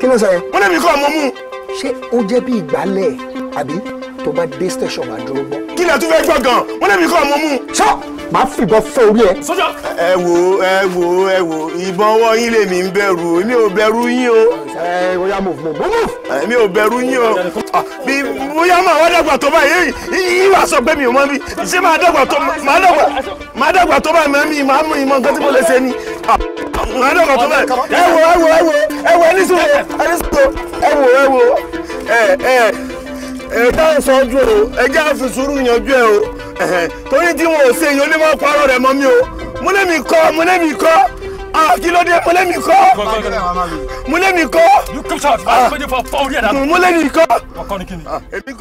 kí ló sọ yẹn. wọ́n lèmi kọ́ ọmọ mú. ṣé ó jẹ́ bí ìgbálẹ̀ àbí tó bá dé station wà dúró gbọ́. kí lè tún fẹ́ gan-an wọ́n lèmi kọ́ ọmọ mú. sọ màá fìbọn fẹ́ orí ẹ. sọ́jà. ẹ wo ẹ wo ẹ wo ìbọn ọwọ́ yín lèmi ń bẹ̀rù mi ò bẹ̀rù yín o. ẹ bóyá move move move. mi ò bẹ̀rù yín o bí bóyá máa wá dàgbà tó báyìí yín wàá sọ pé mi ò mọ bí ṣé máa dàgbà tó máa dàgbà máa dàgbà tó báyìí mẹ́mí máa mú ìmọ̀ nǹkan tí mo lè ṣe ni. Ah, máa dàgbà tó báyìí ẹ wo ẹ wo ẹ wo ẹ wo ẹni sùn ẹni sùn ẹ wo ẹ wo ẹ ẹ ẹ bá ń sọ ojú o ẹ jẹ́ àfisùrù yanjú ẹ o. torí tí wọn ò ṣe èyí onímọ̀ pààrọ̀ rẹ̀ mọ́ mi o mo lé mi kọ́ mo lé mi kọ́ kí ló dé mo lé mi kọ́ mo lé mi kọ́ mo lé mi kọ́ èmi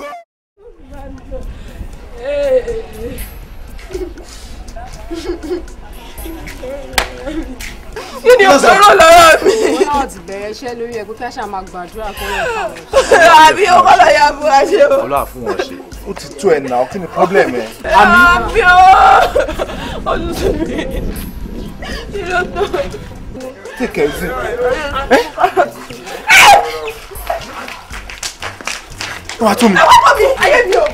kí ni o fẹ́ràn lọ́rọ̀ mi. wọ́n náà ti bẹ̀rẹ̀ iṣẹ́ lórí ẹ̀kú kí a ṣáà máa gbàdúrà kọ́ lọ́ọ̀ fún ọ. àbí o kọ́ lọ ya fún wa ṣe o. ọlọ́wà fún wọn ṣe ó ti tó ẹ̀ náà kí ni problem ẹ̀. àbí o olùsùn mi ìlú tó. take it easy. wàá tó mi. àwọn ọmọ mi ayé mi o.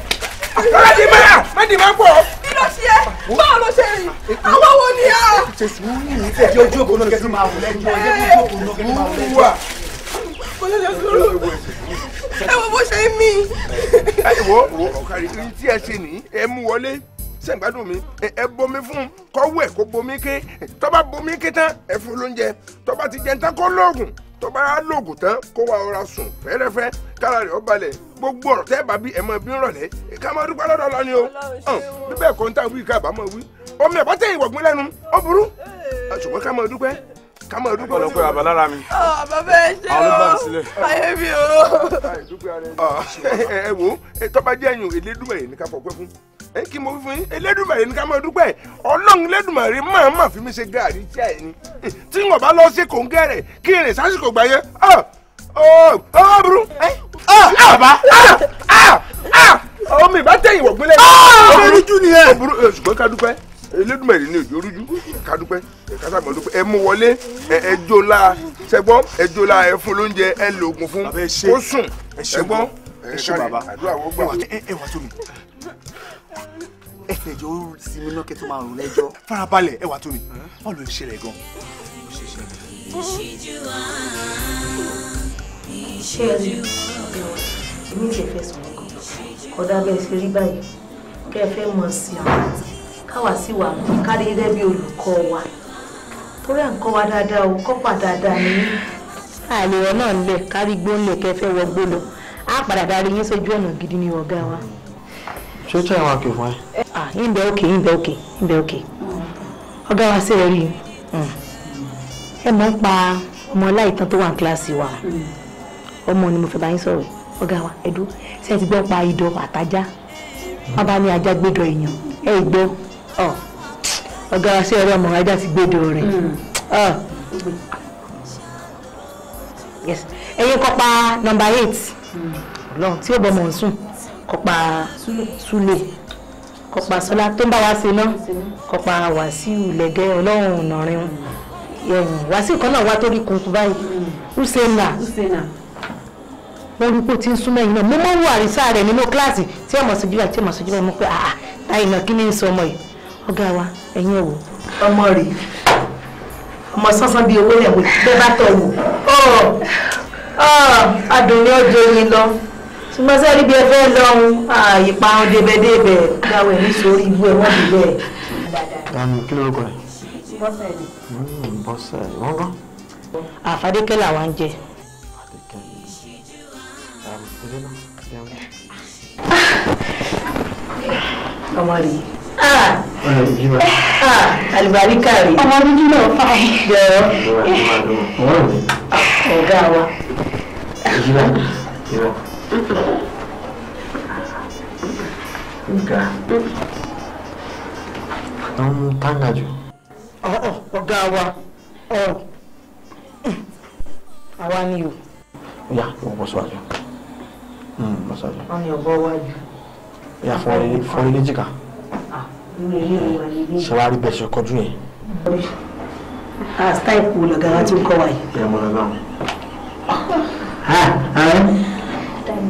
Má di máa má di máa pọ̀. Kí ló ṣe é? Báwo ló ṣe rí? Àwọn wo ni a? Ṣé sùúrù ní ìfẹ́ tí ojú òkú náà kẹ́sì máa wù lẹ́yìn ọjọ́ ojú òkú náà kẹ́sì máa wù lẹ́yìn wa. Mo ṣe lè sùúrù. Ẹ wo bó ṣe ń mí. Ẹ wo wo ọ̀kadì ní tí ẹ ṣe nìyí, ẹ mú wọlé sẹ̀gbádùn mi ẹ bomi fún kọ́wé kó bomi ké tọ́ba bomi ké tán ẹ fún lóúnjẹ tọ́ba ti jẹ tán kó lóògùn tó bá lògùn tán kó wa ọra sùn fẹ́rẹ́fẹ́ kára rẹ̀ ó balẹ̀ gbogbo ọ̀rọ̀ tẹ́ bá bí ẹ̀mọ bí rọ̀lẹ́ ká máa dúpẹ́ lọ́dọ̀ lọ ni o bí kọ́ ń tà wí ká bá máa wí omi ẹ̀bọ́n tẹ̀ ìwọ̀gbìn lẹ́nu ó burú ṣùgbọ́n ká máa dúpẹ́ ká máa dúpẹ́ lọ́dọ̀ pé bàbá lára mi. Ah, bàbá ẹ ṣe o ayé mi o. Ah, ẹ wo tọ́ba jẹ́ ẹ̀yìn ẹ kí mo fún yín Elédùmarè ní ká máa dúpẹ́ Ọlọ́run Elédùmarè máa má fi mi ṣe gààrí tí àì ní tí wọn bá lọ sí kòńgẹ́rẹ̀ kí irin sásìkò gbà yẹn ọ ọ ọ burú ọ bàbá omi ìbá tẹ̀yìn wọ̀ gbélé. orújú ni ẹ. ṣùgbọ́n ká dúpẹ́ Elédùmarè ni òjò orújú ká dúpẹ́ ká sàmọ́ dúpẹ́ ẹ mú wọlé ẹ jọlá ṣẹgbọ́n ẹ jọlá ẹ fún lóúnjẹ ẹ lòògùn fún kó sùn ṣẹgbọ́n ẹ ṣe bàbá ẹ wà tómi ẹ fẹ́ jọ sinmi náà kẹ́ tó máa rò lẹ́jọ́ farabalẹ̀ ẹ wà tó mi báwo ló ń ṣẹlẹ̀ gan. ṣé ẹ rí èmi ti fẹ́ sọ̀rọ̀ kan kódà bẹ́ẹ̀ ṣe rí báyìí kẹ́ ẹ fẹ́ mọ̀ sí àwọn káwa sí wa kárí rẹ́ bí olùkọ́ wa torí à ń kọ́ wa dáadáa o kọ́pà dáadáa ni yín. àlè ọ̀ náà ń lẹ̀ kárí gbóńlẹ̀ kẹ́ fẹ́ wọgbó lọ á padà darí yín sójú ọ̀nà gidi ni ọ̀gá wa. Mm -hmm ṣé ó tẹ̀ wá kí o fún ẹ. ìbẹ̀ ah, òkè ìbẹ̀ òkè ìbẹ̀ òkè ọ̀gá wa sí ẹ̀rí hmm. ẹ mọ̀ ń pa ọmọ aláìtàn tó wà ní kíláàsì wa ọmọ ni mo fẹ́ bá yín sọ̀rọ̀ ọ̀gá wa ẹ̀dú ṣe ti gbọ́ pa idọ àtajá wọn bá ní ajá gbẹdọ èèyàn ẹ gbọ́ ọ̀gá wa sí ẹ̀rí ọmọ ajá ti gbẹdọ rẹ̀ hmm. ẹ̀yin kọ́ pa nọmba eight hmm. ọlọ́run tí ó bọ́ mọ̀ ń sùn kọ́pa súlẹ̀ kọ́pa sọlá tó ń bá wa ṣe náà kọ́pa wàsíù lẹ́gẹ́ ọlọ́run ọ̀nàrin ẹ̀yìn wàsíù kan náà wá torí kunkun báyìí hmm. húsẹ́nà wọ́n rí pé ó ti ń súnmọ́ ẹ̀yìn náà mo máa ń wo àrísá rẹ̀ nínú kíláàsì tí ọmọ sojú báyìí tí ọmọ sojú báyìí mo pé àà ah, táyì náà kí ni ń sọ ọmọ yìí ọ̀gá wa ẹ̀yin ẹ̀ wò. ọmọ rẹ̀ ọmọ sánsán bíi owó lẹ̀ wò bẹ́ẹ̀ bá tọ̀ wò ọ̀ ọ̀ adùn ni ó jẹ́ yín lọ ṣùgbọ́n sẹ́ni bí ẹ fẹ́ lọ́hùn ìparun débẹ̀débẹ̀ dáwọ̀ ẹ̀ nítorí ibú ẹ̀ wọ́n dìbẹ̀. kí ló rúkọ ẹ. bọ́sẹ̀ ni. Hmm, bọ́sẹ̀ wọ́n gan. àfàdékẹ́ làwọn ń jẹ. ọmọ rẹ̀ yìí àlùbáríkà rè ọmọ dúdú náà fàáyì jọrọ ọgá wa ọ̀gá àwọn tangaju. ọ̀gá wa àwa ni o. ya wọ́n bọ́ síwájú bọ́ síwájú. wọ́n ní ọ̀bọ wájú. ya fọ ilé jìkà. ṣe wá rí bẹ́ẹ̀ ṣe kọjú yẹn. a style kù lọ́gàá tí ń kọ́ wa yìí.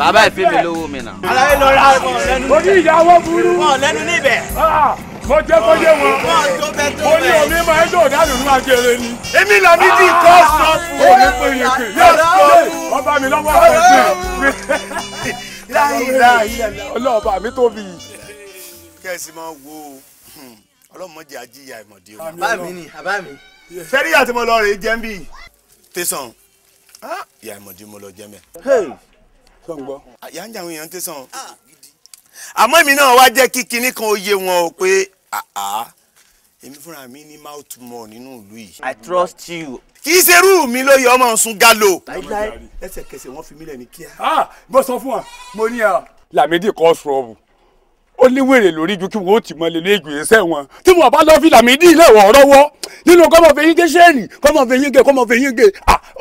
bàbá ìfẹ́ mi lówó mi nà. aláyé lọ ra ọ̀lẹ́nu. mo ní ìyàwó burú. ọ̀lẹ́nu níbẹ̀. Ah, mo jẹ́ kó jẹ́ wọn. mo ní omi máa ń dò dánù ní máa jẹrẹ ni. èmi là ní bí nǹkan ah, sọ fún mi. èmi pè é pè é yẹ ọba mi lọ́wọ́ ẹ̀ pé. ọlọ́ọ̀bà mi tóbi. kẹ́sì máa wo hmm, ọlọ́mọdé ajíyà ìmọ̀dé o. bàbá mi ni bàbá mi. fẹ́rí àti mo lọ rè é jẹ́ ń bì. tẹ̀sán Ah! ìyá ìmọ̀dí mo lọ jẹ́ mẹ́. sọ ń gbọ́. Ah, ìyá ń jàwọn èèyàn tẹ̀sán. Ah, àmọ́ èmi náà wá jẹ́ kí kinní kan ó yé wọn o pé èmi fúnra mi ní mouth more nínú ìlú i trust you. kì í ṣerú mi ló yọ ọmọ sun galo. láíláí lẹ́sẹ̀kẹsẹ̀ wọ́n fi mí lẹ̀ ní Ah, bó sọ fún wa mo ní a. làmídì kọ́ ṣọ́ọ̀bù ó níwèrè lórí ju kí wọn ó tì mọ lélẹ ìjù ẹsẹ wọn tí wọn bá lọ fìlà mi dín ilé ìwọ ọrọwọ nínú kọmọ fẹyín gé sẹẹrì kọmọ fẹyín gé kọmọ fẹyín gé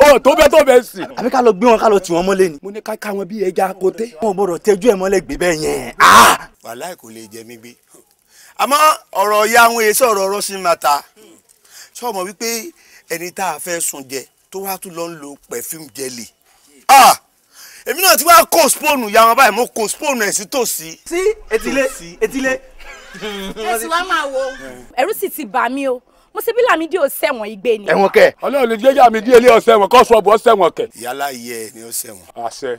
ọ tó bẹ tó bẹ sí. àbí ká lọ gbé wọn ká lọ tì wọn mọ́lẹ̀ ni. mo ní ká ká wọn bí ẹja kote. wọn gbọ́dọ̀ tẹjú ẹ mọ́lẹ̀ gbé bẹ́ẹ̀ yẹn. wàláì kò lè jẹ mí gbé àmọ́ ọ̀rọ̀ ya àwọn èso ọ̀rọ̀ ọ̀rọ̀ sí máa ta sọmọ wípé ẹni tá a fẹ́ sùn jẹ tó wá tún lọ ń lo pẹfíùm jẹlì ah èmi náà ti wá kó spóònù ya wọn báyìí mo kó spóònù ẹ̀ sí tòsí. sí etílé etílé. ẹsùn wa máa wo. ẹ̀rù sì ti bà mí o mo ṣe bí Lámídì ò sẹ́wọ̀n igbe ni. ẹ̀wọ̀n kẹ. ọlọ́run lè jẹ́ Lámídì ilé ọ̀sẹ̀wọ̀n kọ́ sọ̀bù ọ̀sẹ̀wọ̀n kẹ. yálà iye ẹ ni ọ̀sẹ̀wọ̀n. àṣẹ.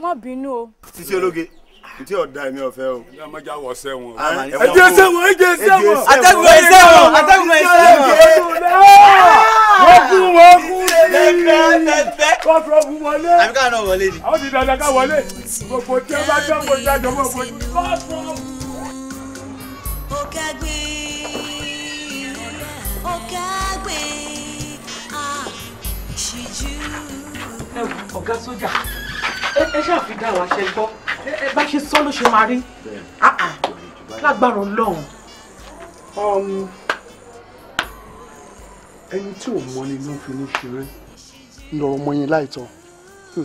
wọn bínú o. títí ológe ntí ọ̀dà mi ọ̀fẹ́ o. ẹ jẹ́ sẹ́wọ̀n ah, ẹ jẹ́ sẹ́wọ̀n. atẹ́gùn ẹ sẹ́wọ̀n atẹ́gùn ẹ sẹ́wọ̀n wọ́n kú wọ́n kú lẹ́gbẹ́lẹ́gbẹ́ wọ́n fọ́ fún wọlé àbíká náà wọlé ni. àwọn ti dandan ká wọlé gbogbo tí wọ́n bá tọ́ kó jáde wọ́n fojú kọ́ fọ́. ọ̀gá gbé ọ̀gá ah, gbé àṣìjú. ẹ wò ọ̀gá sójà ẹ ṣàfihàn àwọn aṣẹ gbọ́ ẹ bá ṣe sọ ló ṣe máa rí ah, ah, lágbára Ọlọ́run. Um, ẹni tí ò mọ ni ló fi ní ṣeré ń mọ yín láìtọ́ mi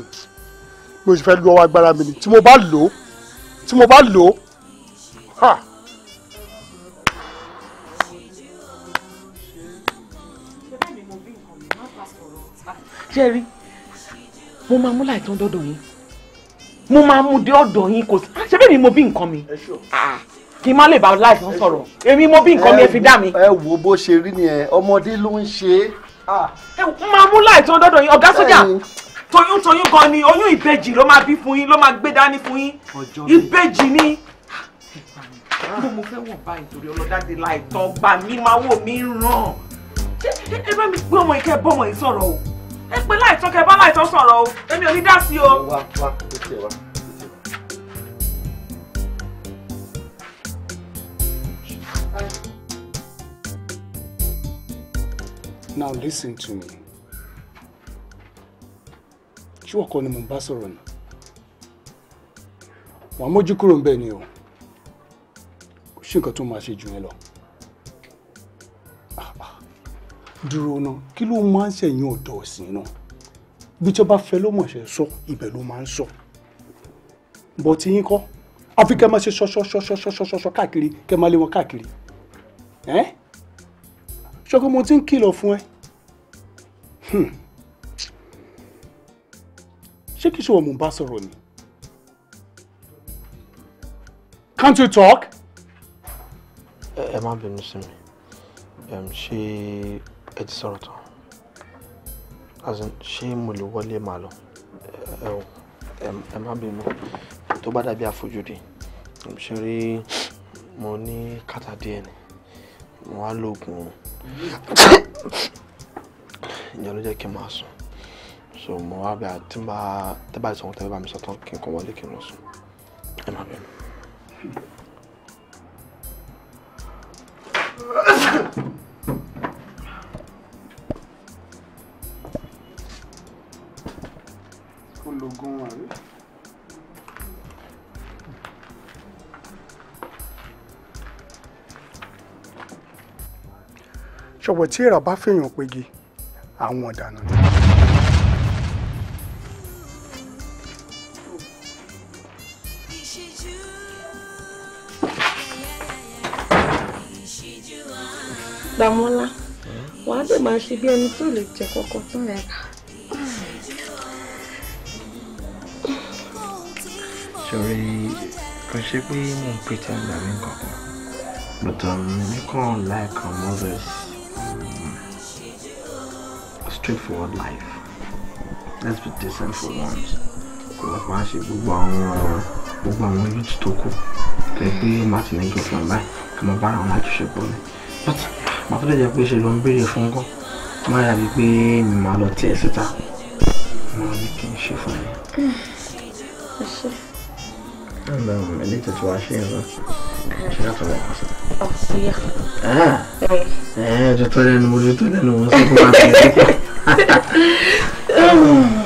hmm. sì fẹ́ lu ọwọ́ agbára mi ni tí mo bá lò ó tí mo bá lò ó ha. ṣé rí mo máa mú láìtọ́ dọ́dọ̀ yín mo máa mú dé ọ̀dọ̀ yín kò sí ah, ṣé bẹ́ẹ̀ ni mo bí nǹkan mi. ẹ ṣọ́ kí n má lè bá láìsí sọ̀rọ̀ èmi mo bí nǹkan mi ẹ fi dá mi. ẹ wo bó ṣe rí nìyẹn ọmọdé ló ń ṣe é. ẹ máa mú láìsí ọdọọdọ yín ọgá sójà toyún toyún gan ni oyún ìbejì ló máa bí fún yín ló máa gbé dání fún yín ìbejì ni mo mo fẹ́ wọ̀ báyìí torí ọlọ́dáde láìtọ́ gbà mí máa wò mí ràn ẹ bá mi gbé ọmọ ìkẹ́ bọ́mọ yìí sọ̀rọ̀ o ẹ pé láìtọ́ kẹ́ bá láìtọ́ sọ̀rọ̀ o èmi ò ní dá sí o. wá wá ó tiẹ̀ wá. Now listen to me. Ṣé ọkọ ni mò ń bá sọ̀rọ̀ nù? Wà á mójú kúrò ń bẹ̀ ni o. Kò sí nǹkan tó máa ṣe jù yẹn lọ. Ah, ah. Dúró náà, kí ló máa ń ṣẹ̀yìn ọ̀dọ̀ ọ̀sìn náà? Bí so ó bá fẹ́ ló mọ̀ ṣe sọ, ibẹ̀ ló máa ń sọ. Bọ̀ tí yín kọ́, àfi kẹ́ máa ṣe ṣọṣọṣọṣọṣọṣọ káàkiri, kẹ́ máa lé wọn káàkiri ṣọkọ mo ti ń kìlọ̀ fún ẹ hmm. ṣé kìí ṣe wọn mò ń bá sọ̀rọ̀ ni can't you talk. ẹ má bínú sí mi ṣé ẹ ti sọ̀rọ̀ tán ṣé mo lè wọlé màá lọ ẹ má bínú tó bá dàbí àfojúdi ṣe rí mo ní kàtà díẹ̀ ni mo wá lóògùn ìyẹn ló jẹ́ kí n máa sùn so mo wá bí i tí n bá tí n bá ìsọ̀hún tẹ́lẹ̀ bá mi sọ tán kí n kàn wọlé kí n lọ sùn ẹ má bẹ̀rù. ṣọwọ́ tí èrà bá fèèyàn pegi àwọn ọ̀daràn ni. Dàmọ́lá wàá dẹ̀ máa ṣe bí ẹni tó lè jẹ kọ́kọ́ tó rẹ̀ kà. kò ṣe pé mò ń pété àgbà mi kankan but um, mi kàn láìka moses straightforward life let's be decent for once kò wọ́n máa ṣe gbogbo àwọn gbogbo àwọn youth tó kù tó pé martin ẹjọ fún ọba kí wọ́n bá ara wọn àjọṣepọ̀ ni but màá tó lè jẹ́ pé ṣe ló ń béèrè fún kọ́ má dàbí pé mi máa lọ tiẹ̀ síta mo ní kí n ṣe fún mi. Anda, um, elite tu achei, né? Já tô vendo. Oh, yeah. Ah. É, já tô olhando, já tô olhando, você com a oh.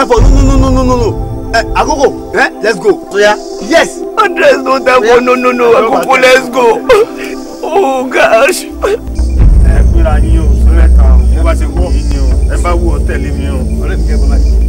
time for no no no no no no eh agogo eh let's go oya yes. there is no time for no no no agogo let's go oh gosh. ẹ gbéra yín o sọlẹ kan bó bá ti wọ mí ni o ẹ bá wù ọ mi o. ọ̀rẹ́ mi kẹ́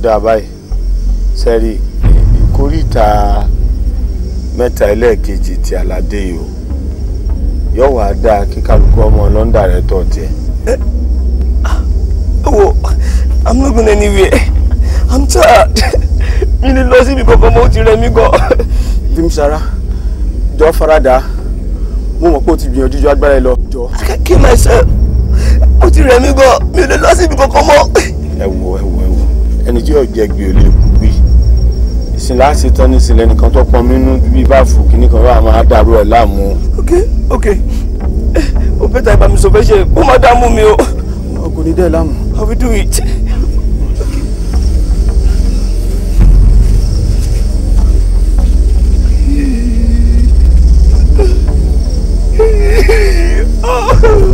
dáa báyìí sẹ́rí ìkórìtà mẹ́ta ẹlẹ́ẹ̀kejì ti aládé yìí yóò wá dáa kí kálukú ọmọ lọ́ńdà rẹ tọ̀ tiẹ̀. Eh, ah, wo i'm not going anywhere i'm tired mi ni lọ síbi kankan mo ti rẹ mí gan. bímsara jọ farada mo mọ̀ pé o ti gbìyànjú ju agbára ẹ lọ. i can kill myself o ti rẹ mí gan mi ò lọ síbi kankan mọ́. ẹ wo ẹ wo ẹ wo ẹni tí yóò jẹ gbé ò lè kú bí ìsìn láti tán ní ìsìn lẹ́nìkan tó pọn mínú bí bá fò kíní kan bá máa dàrú ẹ̀ láàmú. ok ok ó bẹ́tà ìbámu sọ fẹ́ ṣe kó má dààmú mi o. ọkùnrin ní dẹ́ láàmú. how we do it. oh.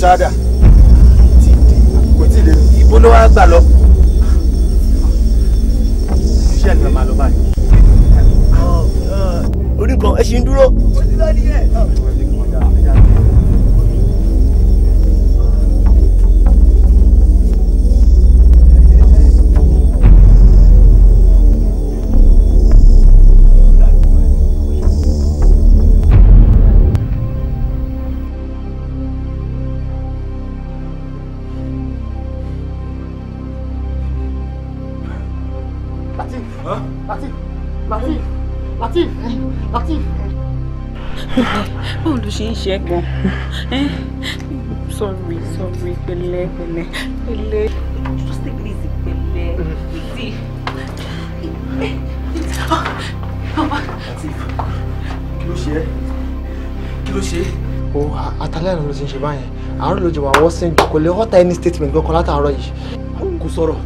ṣáádà kò tí ì dé ibo ló wá gbà lọ. iṣẹ́ ni màmá lọ báyìí. orí kan ẹ ṣì ń dúró. ó ti lọ nìyẹn. ṣe ń ṣe gan eh, sorry sorry pẹ̀lẹ́ pẹ̀lẹ́ pẹ̀lẹ́ just take it easy pẹ̀lẹ́ easy. Eh, eh, oh, oh, kí ló ṣe é kí ló ṣe o àtàlẹ́ àná ló ti ń ṣe báyẹn àárọ̀ ló jẹ́ wà wọ́n sìn kò lè họ́ta any statement kankan látàárọ̀ yìí kò sọ̀rọ̀.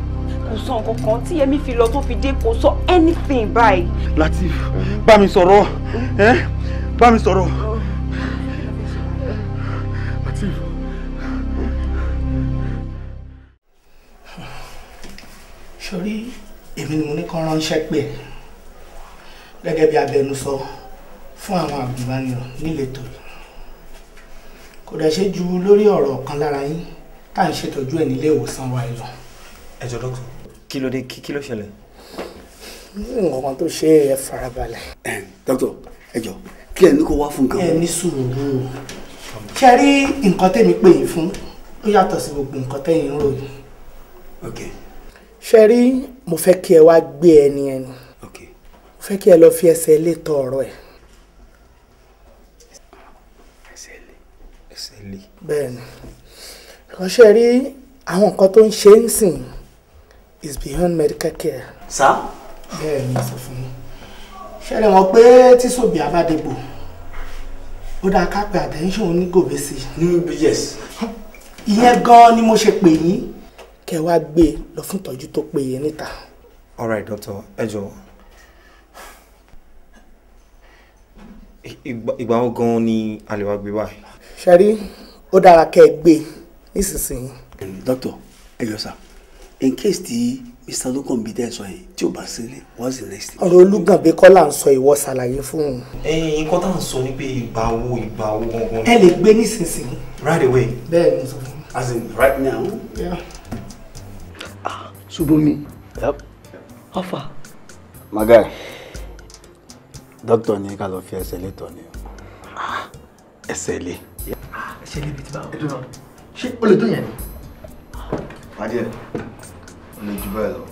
kò sọ nǹkan kan tí yẹmi fi lọ tó fi dé kò sọ anything báyìí. Latif bá mi sọ̀rọ̀ bá mi sọ̀rọ̀. èmi ni mo ní kán ránṣẹ́ pè ẹ́ gẹ́gẹ́ bí abẹnusọ fún àwọn àgùnbánirọ̀ níletò yìí kò dẹ̀ ṣe ju lórí ọ̀rọ̀ kan lára yín tá à ń ṣètọ́jú ẹ̀ nílé ìwòsàn wa lọ. ẹ jọ̀ọ́ dókítà kí ló dé kí ló ṣẹlẹ̀. nǹkan tó ṣe é farabalẹ̀. ẹ ẹ jọ̀ọ́ kí ẹ ní kó wá fún nǹkan. ẹ ní sùúrù ṣe rí nǹkan tèmi pè yín fún ó yàtọ̀ sí gbogbo nǹkan tẹ̀yin ń ròyìn. ṣe rí mo fẹ́ kí ẹ wá gbé ẹni ẹni mo fẹ́ kí ẹ lọ fi ẹsẹ̀ lé tọ ọ̀rọ̀ ẹ̀. bẹ́ẹ̀ni ránṣẹ́ rí àwọn nǹkan tó ń ṣe ń sìn is beyond medical care. sá. bẹ́ẹ̀ni sọ fún mi ṣẹlẹ̀ wọ́n pé tí sòbí ó dáa ká pe attention onígòbèsè. yes. ìyẹn gan-an ni mo ṣe pè yín kẹ́ wá gbé lọ fún ìtọ́jú tó péye níta. all right doctor ẹ jọ̀wọ́ ìgbà wo gan-an ni a lè wá gbé báyìí. ṣẹ́rí ó dára kẹ́ ẹ gbé nísinsìnyí. doctor ẹ yọ sá in case ti mr olùkànbí tẹ́ ẹ sọ yẹn tí ò bá sílẹ̀ what's the next thing. ọ̀rọ̀ olùgànbí kọ́ là ń sọ ìwọ ṣàlàyé fún un. ẹyin nǹkan tá à ń sọ ni pé ìgbà wo ìgbà wo gangan. ẹ lè gbé nísinsìnyí. right away. bẹ́ẹ̀ as in right now. Yeah. Subomi. Yep. How far? My guy, doctor ní ká fi ẹsẹ̀ lé tọ̀ ni o. Ah, ẹsẹ̀ lé. Ah, ẹsẹ̀ lé bíi ti báwo? Ẹ̀dùn náà, o le tó yẹn ni? Ah. Pàdé ẹ̀, o lè jù bẹ́ẹ̀ lọ.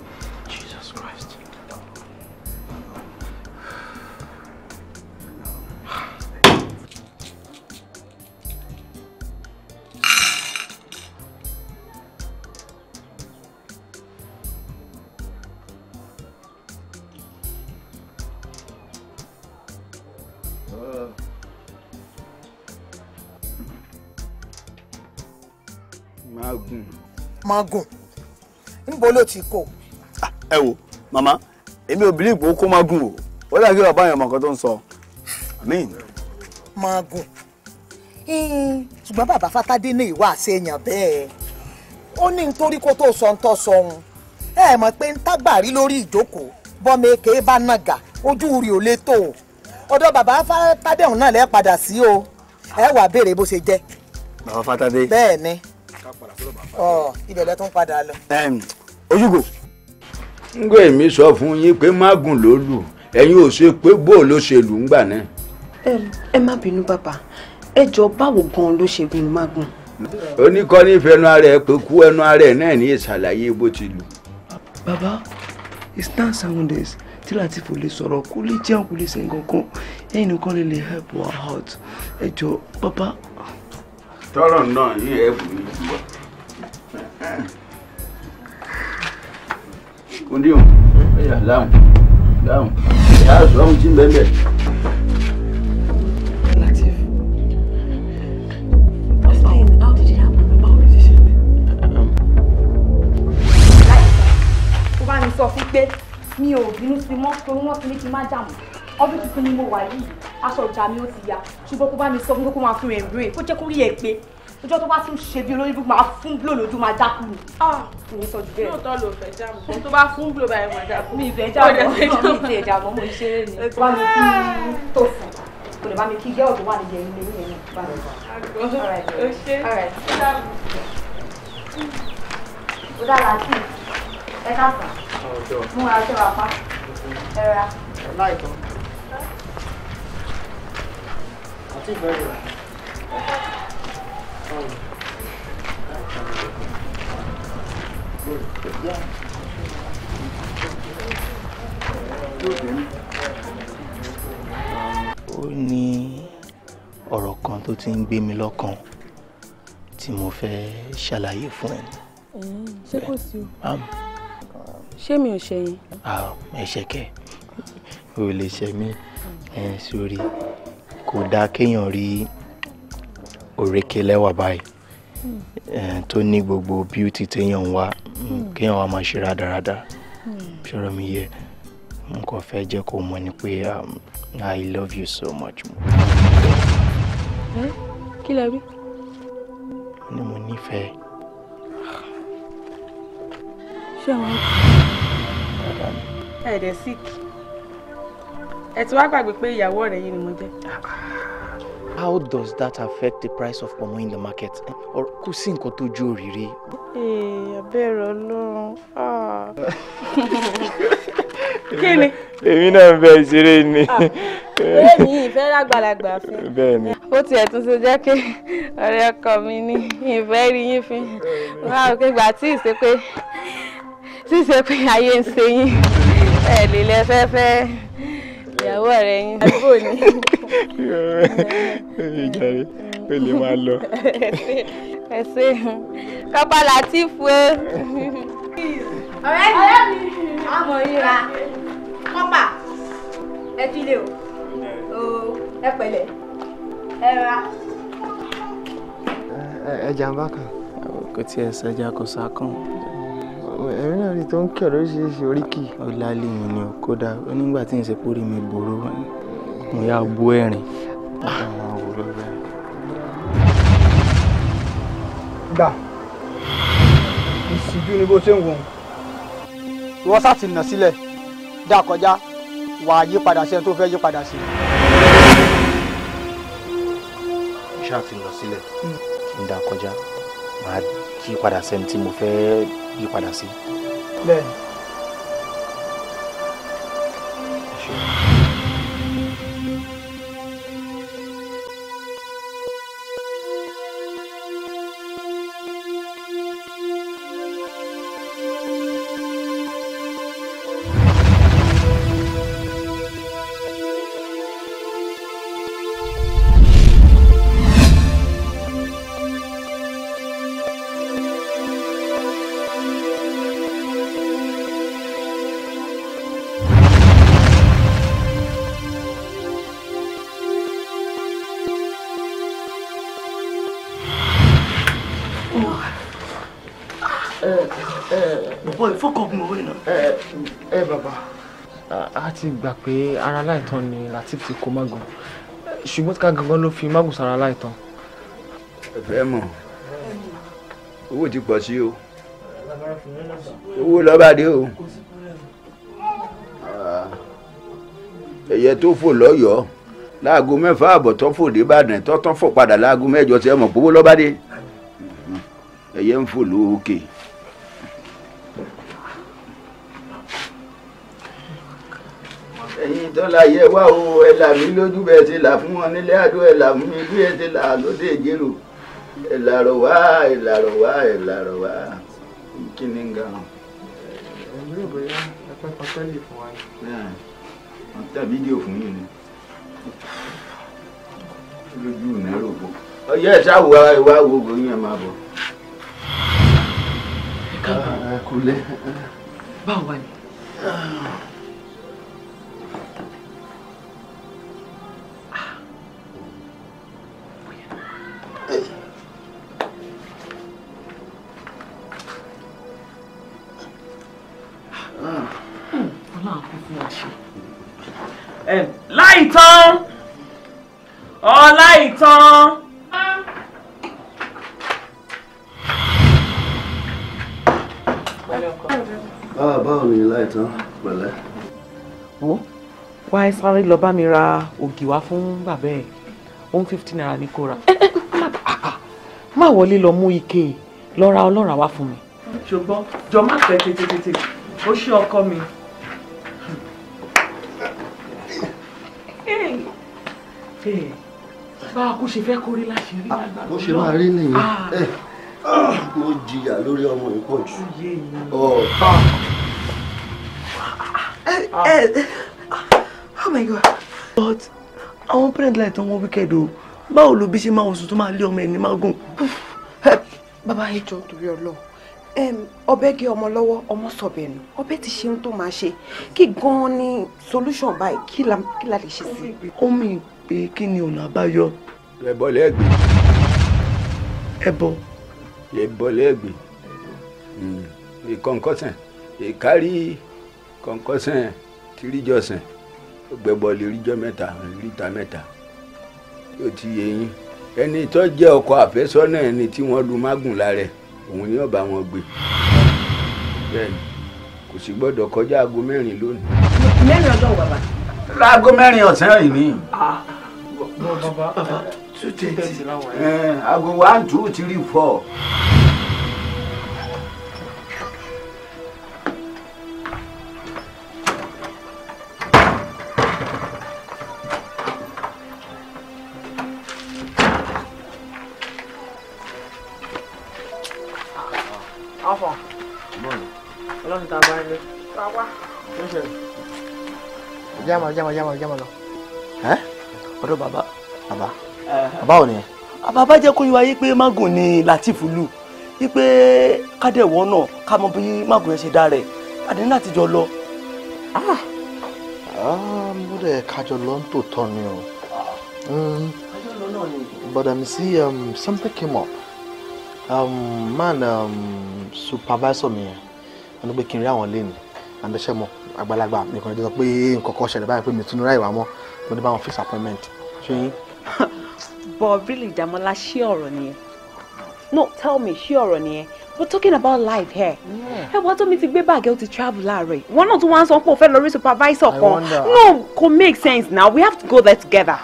máa gùn níbo ló ti kó. ẹ wo màmá èmi ò bìlíìpù kó gùn o ó dàbí bàbá yẹn ọmọkan tó ń sọ gùn ṣùgbọ́n bàbá fatadé ní ìwà àṣeyàn bẹ́ẹ̀ ó ní nítorí kó tó sọ ń tọ́ sọ ohun ẹ mọ̀ pé ń lórí ìjókòó bọ́mọ èké ojú rí ò lè tó ọ̀dọ̀ bàbá fatadé ọ̀hún náà lẹ́ padà sí béèrè bó jẹ́. bàbá fatadé ọ ibẹ̀ lẹ tún padà lọ. ojúgo. ngbọ́ èmi sọ fún yín pé mágùn ló lù ẹ̀yin ò ṣe pé bó ló ṣe lù ń gbà náà. ẹ má bínú bàbá ẹ jọ báwo gan ló ṣe gun mágùn. oníkọ́ni fẹnu ara ẹ pé kú ẹnu ara ẹ náà ní ìṣàlàyé bó ti lù. bàbá it's now seven days tí láti fò lè sọ̀rọ̀ kó lè jẹun kó lè ṣe nǹkan ẹ̀yin nìkan lè lè help wa out ẹ jọ bàbá. tọrọ náà yín ẹ bù mí jù wá. Kundiyo, ẹ̀yà dáhùn, dáhùn, ìyá àṣọ àwọn tí ń bẹ́ẹ̀ bẹ́ẹ̀. explain how did it happen about decision? Láì, ó bá mi sọ fún pé mi ò bínú sí mọ́ torí wọ́n ti ní kí n má dààmú ọdún tuntun ni mo wà yìí aṣọ ìjà mi ó ti yá ṣùgbọ́n kó bá mi sọ fún kókó máa fún rẹ̀ rẹ̀ kó jẹ́ kó rí ẹ pé ọjọ́ tó bá ti ṣe bí olórí máa fún blò lójú máa dákú ni. Ah! kò sọ jù bẹ́ẹ̀. lóòótọ́ ló fẹ́ jà mọ́ tó bá fún blò báyìí máa dákú. mi ìfẹ́ jà mọ́ mi ìfẹ́ jà mọ́ mo ṣe é ni. bá mi kí tó fún kò lè bá mi kí gẹ́ọ̀ tó wà níbi ẹ̀yìn lẹ́yìn ẹ̀yìn bá mi bá. ó ṣe ó dára sí ẹ káàsán mú ara ṣe ẹ ra. láìpẹ́ àti ìgbẹ́rù rẹ̀ ó ní ọ̀rọ̀ kan tó ti ń gbé mi lọ́kàn tí mo fẹ́ ṣàlàyé fún ẹ. ṣé kò sí o. ṣé mi ò ṣẹ̀yìn. ẹ̀ṣẹ̀ kẹ́ o lè ṣe mí sórí kò dáa kéèyàn rí òrèké lẹ́wà báyìí eh, tó ní gbogbo bíútì téèyàn ń wá hmm. kéèyàn wá máa ṣe rádaràda hmm. ṣọ́rọ̀ mi yẹ n kò fẹ́ jẹ́ kó mọ̀ ni pé um, I love you so much. Hmm? kí lẹ rí. ni mo nífẹ̀ẹ́. ṣé wọn. ẹ̀ẹ́dẹ̀ sick ẹ̀ tí wàá gbàgbé pé ìyàwó rẹ̀ yìí ni mo jẹ́. Ah, how does that affect the price of palm in the market or kò sí nǹkan tó ju òrìrì. Eh, abẹ́rẹ́ ọlọ́run ah. kí ni. èmi náà ń bẹ ìṣeré ni. Ah. bẹ́ẹ̀ ni ìfẹ́ lágbàlagbà fẹ́. bẹ́ẹ̀ ni. ó tiẹ̀ tún ṣe jẹ́ pé ọ̀rẹ́ ọkọ mi ní ìfẹ́ rí yín fún un wá òkè gbà tí ì ṣe pé tí ì ṣe pé ayé ń ṣe yín ẹ̀ lè lẹ́fẹ́fẹ́ ìyàwó rẹ yín àbúrò ni. ìjàre ó lè máa lọ. ẹ ṣe kọ́pá látìfù ẹ. ọ̀rẹ́ mi àmọ̀ ríra kọ́pà ẹ dílé o ẹ pẹ̀lẹ́ ẹ ra. ẹ jàǹbá kan. kò tiẹ̀ sẹ́jà kò sá kan ẹ̀rín náà rí tó ń kẹ̀ lóríṣiríṣi oríkì ọ̀làlẹ̀ yìí ni kódà ó nígbà tí n ṣe pórí mi gbòòrò mo yá bú ẹ̀rín. gbà ìṣíjú ni bó ṣe ń wò ó. ìwọ nà sílẹ̀ dá kọjá wàá yí padà sí ẹni tó fẹ́ yí padà sí. iṣẹ́ nà sílẹ̀ hmm. kí n dá kọjá màá yí padà sí ẹni tí mo fẹ́ yí padà sí. bẹ́ẹ̀ni ti gbà pé ara láìtàn ni Lateef ti kó mágùn ṣùgbọ́n ká gangan ló fi mágùn sára láìtàn. ẹ fẹ́ mọ̀ owó ti pọ̀ sí o owó lọ́ba dé o ah, ẹ̀yẹ tó fò lọ́yọ̀ọ́ láago mẹ́fà àbọ̀ tó fò dé Ìbàdàn tó tán fò padà láago mẹ́jọ tí ẹ mọ̀ pé owó lọ́ba dé ẹ̀yẹ ń fò lóòkè. ẹ̀yin dọ́là yẹ wá o ẹ là mí lójú bẹ́ẹ̀ ti là fún wọn nílé àdó ẹ là mí bí ẹ ti là lóde ìjérò ẹ làrọ̀ wá ẹ làrọ̀ wá ẹ làrọ̀ wá kí ni nga. ẹ̀mí ò bóyá ẹ̀pẹ́ kan tẹ́lẹ̀ fún wa ni. wọ́n tẹ̀ fídíò fún yín ni lójú ìnáró bò ọyẹ ẹ ṣáà wá ìwà wo gbòyìn ẹ máa bọ̀. ẹ káàbọ̀ kúlẹ̀. báwo wà ní. Ah. sáré lọ bá mi ra ògì wá fún bàbá ẹ̀ one fifty naira ní kó ra eh, eh, ah, ah. má wọlé lọ mú ike lọ ra ọlọ́ra wá fún mi. ṣùgbọ́n jọ má pẹ́ tètè ó ṣe ọkọ mi. bá a kó ṣe fẹ́ kórí láti rí lágbàdo náà. ṣe máa rí nìyẹn ah. eh. mo jìyà lórí ọmọ yìí pọ̀ jù my god but àwọn parent láì tán wọn wicked o báwo ló bí ṣe máa oṣù tó máa lé ọmọ ẹni máa gùn. bàbá yìí jọ torí ọlọ́run ọbẹ̀ gé ọmọ lọ́wọ́ ọmọ sọ̀bẹ̀ nù ọbẹ̀ ti ṣe ohun tó máa ṣe kí gan-an ni solution báyìí kí la kí la lè ṣe sí. ó mì pé kí ni ọ̀nà àbáyọ. ẹbọ lẹ́gbẹ̀ẹ́. ẹbọ. ẹbọ lẹ́gbẹ̀ẹ́ hmm. ìkọ̀ǹkọ̀sẹ̀ ìkárí kọ̀ǹkọ̀sẹ̀ tìrìjọsẹ̀ gbẹbọ lè ríjọ mẹ́ta ríta mẹ́ta yóò ti yé yín ẹni tó jẹ́ ọkọ àfẹ́sọ́nà ẹni tí wọ́n lu mágùn lára òun ni ọba wọn gbé bẹ́ẹ̀ni kò sì gbọ́dọ̀ kọjá aago mẹ́rin lónìí. mẹ́rin ọjọ́ bàbá. aago mẹ́rin ọ̀sán yìí ni. bàbá two thirty. aago one two three four. llámalo, llámalo, llámalo, llámalo. ẹ ọ̀dọ̀ bàbá bàbá bàbá ò ní. bàbá jẹ́ kó yọ ayé pé magun ni Latif lù wípé kádẹ̀wọ́ náà ká mọ bí magun yẹn ṣe dá rẹ̀ àdé láti jọ lọ. Ah! Ah, mo dẹ̀ kájọ lọ ń tòótọ́ ni o. But um, see, um, something came up. Um, man, um, supervisor me, yẹn, ẹni pé kí n rí àwọn àbẹ̀ṣẹ́ mọ̀ àgbàlagbà nìkan ló pé nǹkan kan ṣẹlẹ̀ báyìí pé mi tún ní ráìwá mọ́ mo ní bá fix appointment ṣé yín. but really Damola ṣé ọ̀rọ̀ nìyẹn no tell me ṣé ọ̀rọ̀ nìyẹn we're talking about life here. ẹ wọ́n tó mi ti gbé báàgì ó ti travel láàárọ̀ yìí wọ́n náà tún wá ń sọ pé ó fẹ́ lọ rí supervisor kan no kò make sense now we have to go there together.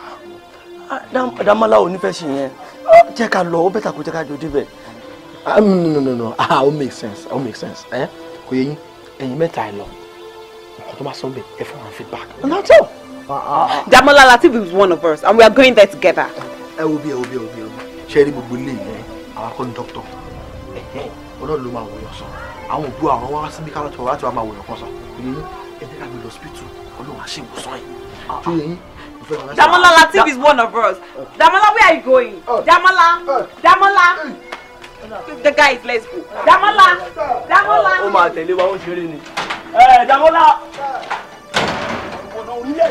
Damola ò ní fẹ́ ṣe yẹn jẹ́ ká lọ ó bẹ́tà kó jẹ́ ká jọ débẹ̀. Ah, no no no no ah ó make sense ó make sense eh? kò yẹ yín ẹ̀yin mẹ́ta ẹ̀ lọ nǹkan tó bá sọ bẹ́ẹ̀ ẹ fún wa feedback. not all. Damola Lateef is one of us and we are going there together. ẹ wo bí ẹ wo bí ẹ wo bí ẹ wo ṣe rí gbogbo ilé yẹn àwọn akọni dókítà ọlọ́run ló máa wòyàn sọ àwọn òbú àwọn wá síbi káwọn tí wọn láti wá máa wòyàn kan sọ ìyẹn ẹgbẹ́ àgbẹ̀ lọ́sibítù ọlọ́run àṣewòsàn yìí tó ah, yẹ yín. Damola Lateef is one of us. Damola, ah. where are you going? Damola, ah. Damola. The guy is lesbo. Damola! Damola! Ó máa tẹ̀lé wa, ó ń ṣeré ni. Ẹ eh, Damola! Ọ̀nà orílẹ̀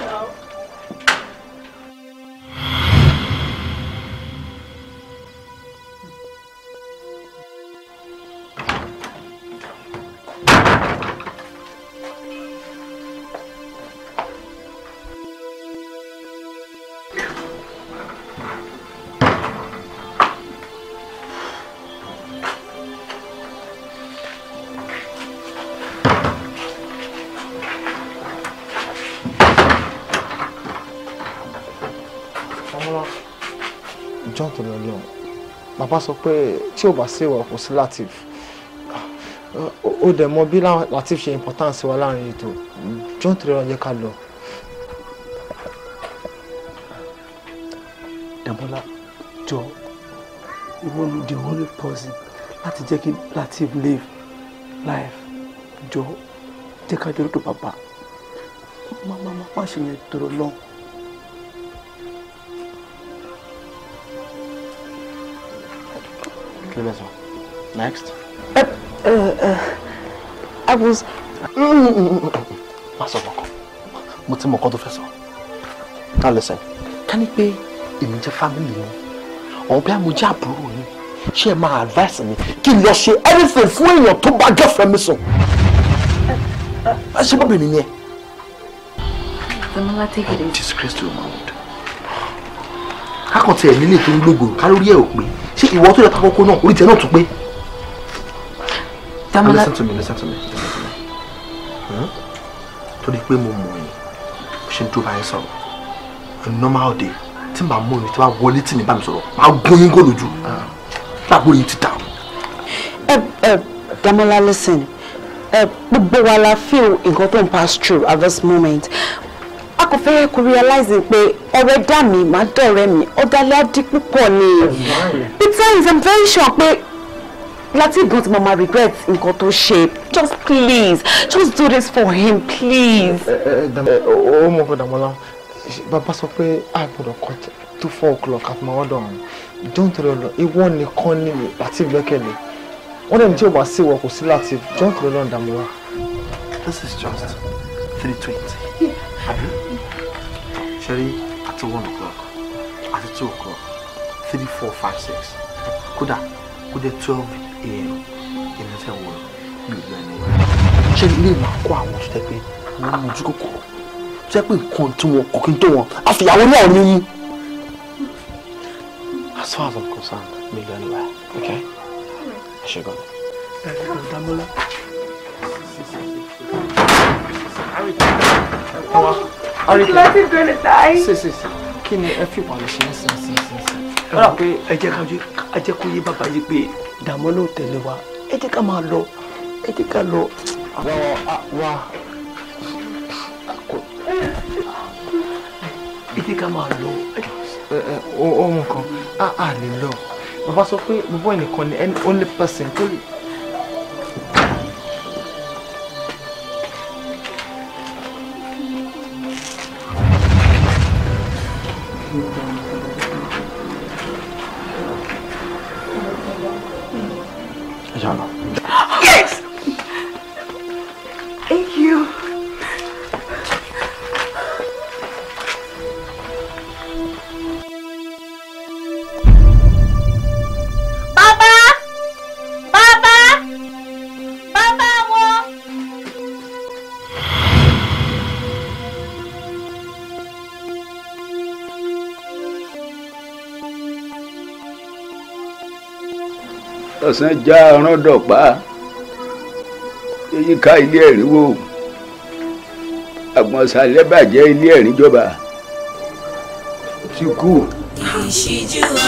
bàbá sọ pé tí ò bá sí ìwà kò sí Latif ó dẹ̀ mọ bí Latif ṣe importance wa láàrin ètò John Terry ọ̀yẹ́ ká lọ. Dàmọ́lá jọ ìwọ ni the only person láti jẹ́ kí Latif live life jọ jẹ́ ká jọ́rọ́ tó bàbá má má má má ṣe yẹn tọrọ lọ́hùn. kí ló next. Uh, uh, I was. má sọ kankan mo ti mọ̀ kọ́ tó fẹ́ sọ now listen ká ní pé èmi jẹ́ family mi ọ̀hún bí mo jẹ́ àbúrò mi ṣé ẹ máa advice mi kí n lọ ṣe anything fún èèyàn tó bá girlfriend mi I ṣé bọ́bì mi ni ẹ. Demola take it Jesus Christ, o ma wọ́n. Akọ̀tẹ̀ mi lè tó ń gbogbo kárí orí ẹ̀ ṣé ìwọ tó yẹ ká kókó náà orí tiẹ̀ náà tún pé. Dámọ́lá listen to me listen to me listen to me hmm? torí pé mo mọ̀ yín bó ṣe ń dúró báyìí sọ̀rọ̀ a normal day tí màá mú yín tí wàá wọlé tì mí bá mi sọ̀rọ̀ màá gún yín gòlò jù láàbò yín ti dà. ẹ ẹ Dámọ́lá listen ẹ gbogbo wa la feel nǹkan tó ń pass through at this moment kò fẹ́ kó realize pé ọ̀rẹ́ dà mí má dọ̀rẹ́ mi ọ̀dàlẹ̀ púpọ̀ ni peter is i'm very sure pé láti gan tí mo máa regret nǹkan tó ṣe just please just do this for him please. ó mọ̀ fún Dàmọ́lá bàbá sọ pé a gbọ́dọ̀ kọ́ two four o'clock àti màá wọ́dọ̀ ọ̀hún john tó lọ lọ ìwọ nìkan ni láti gbẹ́kẹ̀lé wọ́n dẹ̀ ní tí o bá sí ìwọ kò sí láti john tó lọ lọ Dàmọ́lá. this is just three twenty ṣẹ́rí àti one o'clock at two o'clock three four five six kódà kódà twelve a.m. in the wọ̀ mi ò lọ ẹni wọ̀ ṣẹ́rí ilé ìmọ̀ àkọ́ àwọn tó tẹ́ pé wọ́n mú ojú kòkòrò tó tẹ́ pé nǹkan tí wọn kò kí n tó wọn àfìyàwó náà ní mú. As far as I'm concerned, me go anywhere, okay? I should go. Damola. Harry, come on ọ̀rẹ́ kìí sí sí sí kí ni ẹ fi wàhálà ṣe ń sìn sìn sìn sìn. ọ̀rọ̀ pé ẹ jẹ́ ká a jẹ́ kó yé bàbá yìí pé dààmú ló tẹ̀lé wa ẹ jẹ́ ká máa lọ ẹ jẹ́ ká lọ. wa ẹ jẹ́ ká máa lọ. ohun kan a à lè lọ bàbá sọ pé bàbá ẹnìkan ni only person tó lè. 太吓了。tọ̀sán já ọ̀rán dọ̀pá yíká ilé ẹ̀rí wò àgbọ̀nsalẹ̀ bàjẹ́ ilé ẹ̀rí jọba ti kú. ìṣíjú wa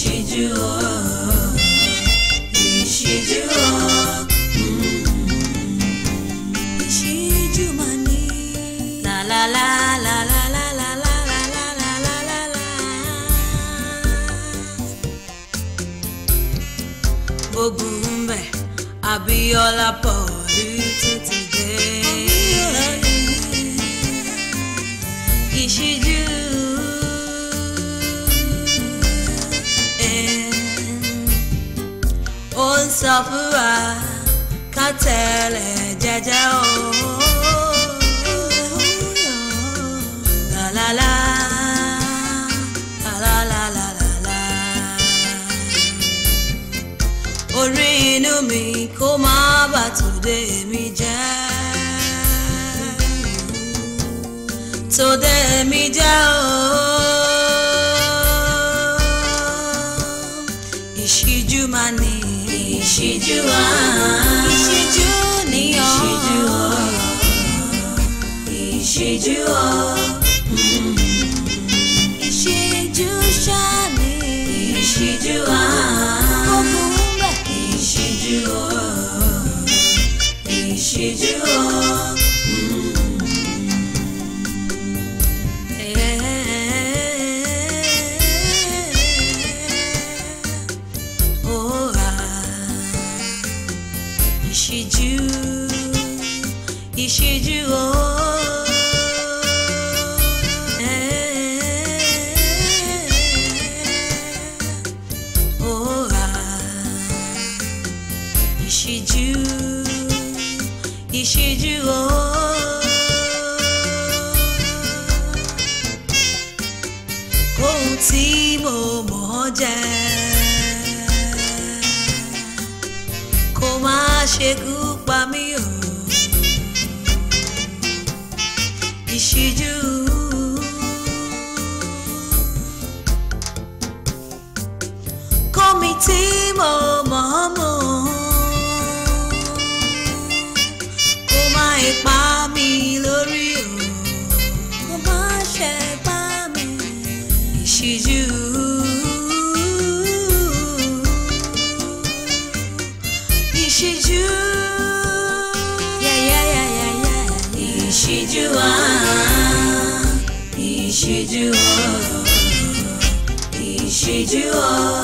ìṣíjú ìṣíjú o. ìṣíjú mà ní. làlàlà làlà làlà làlà làlà làlà. gbogbo ń bẹ̀ Abíọ́lá pọ̀lú tó ti dé. ìṣíjú. sọ fún wa ká tẹ̀lé jẹ́jẹ́ o. lálálá lálálálálá orí inú mi kó má bàtúndé mi jẹ́. tòde mi jẹ́ o. ìṣíjú ọ̀hún ìṣíjú ni ọ̀hún ìṣíjú ọ̀hún. Oh.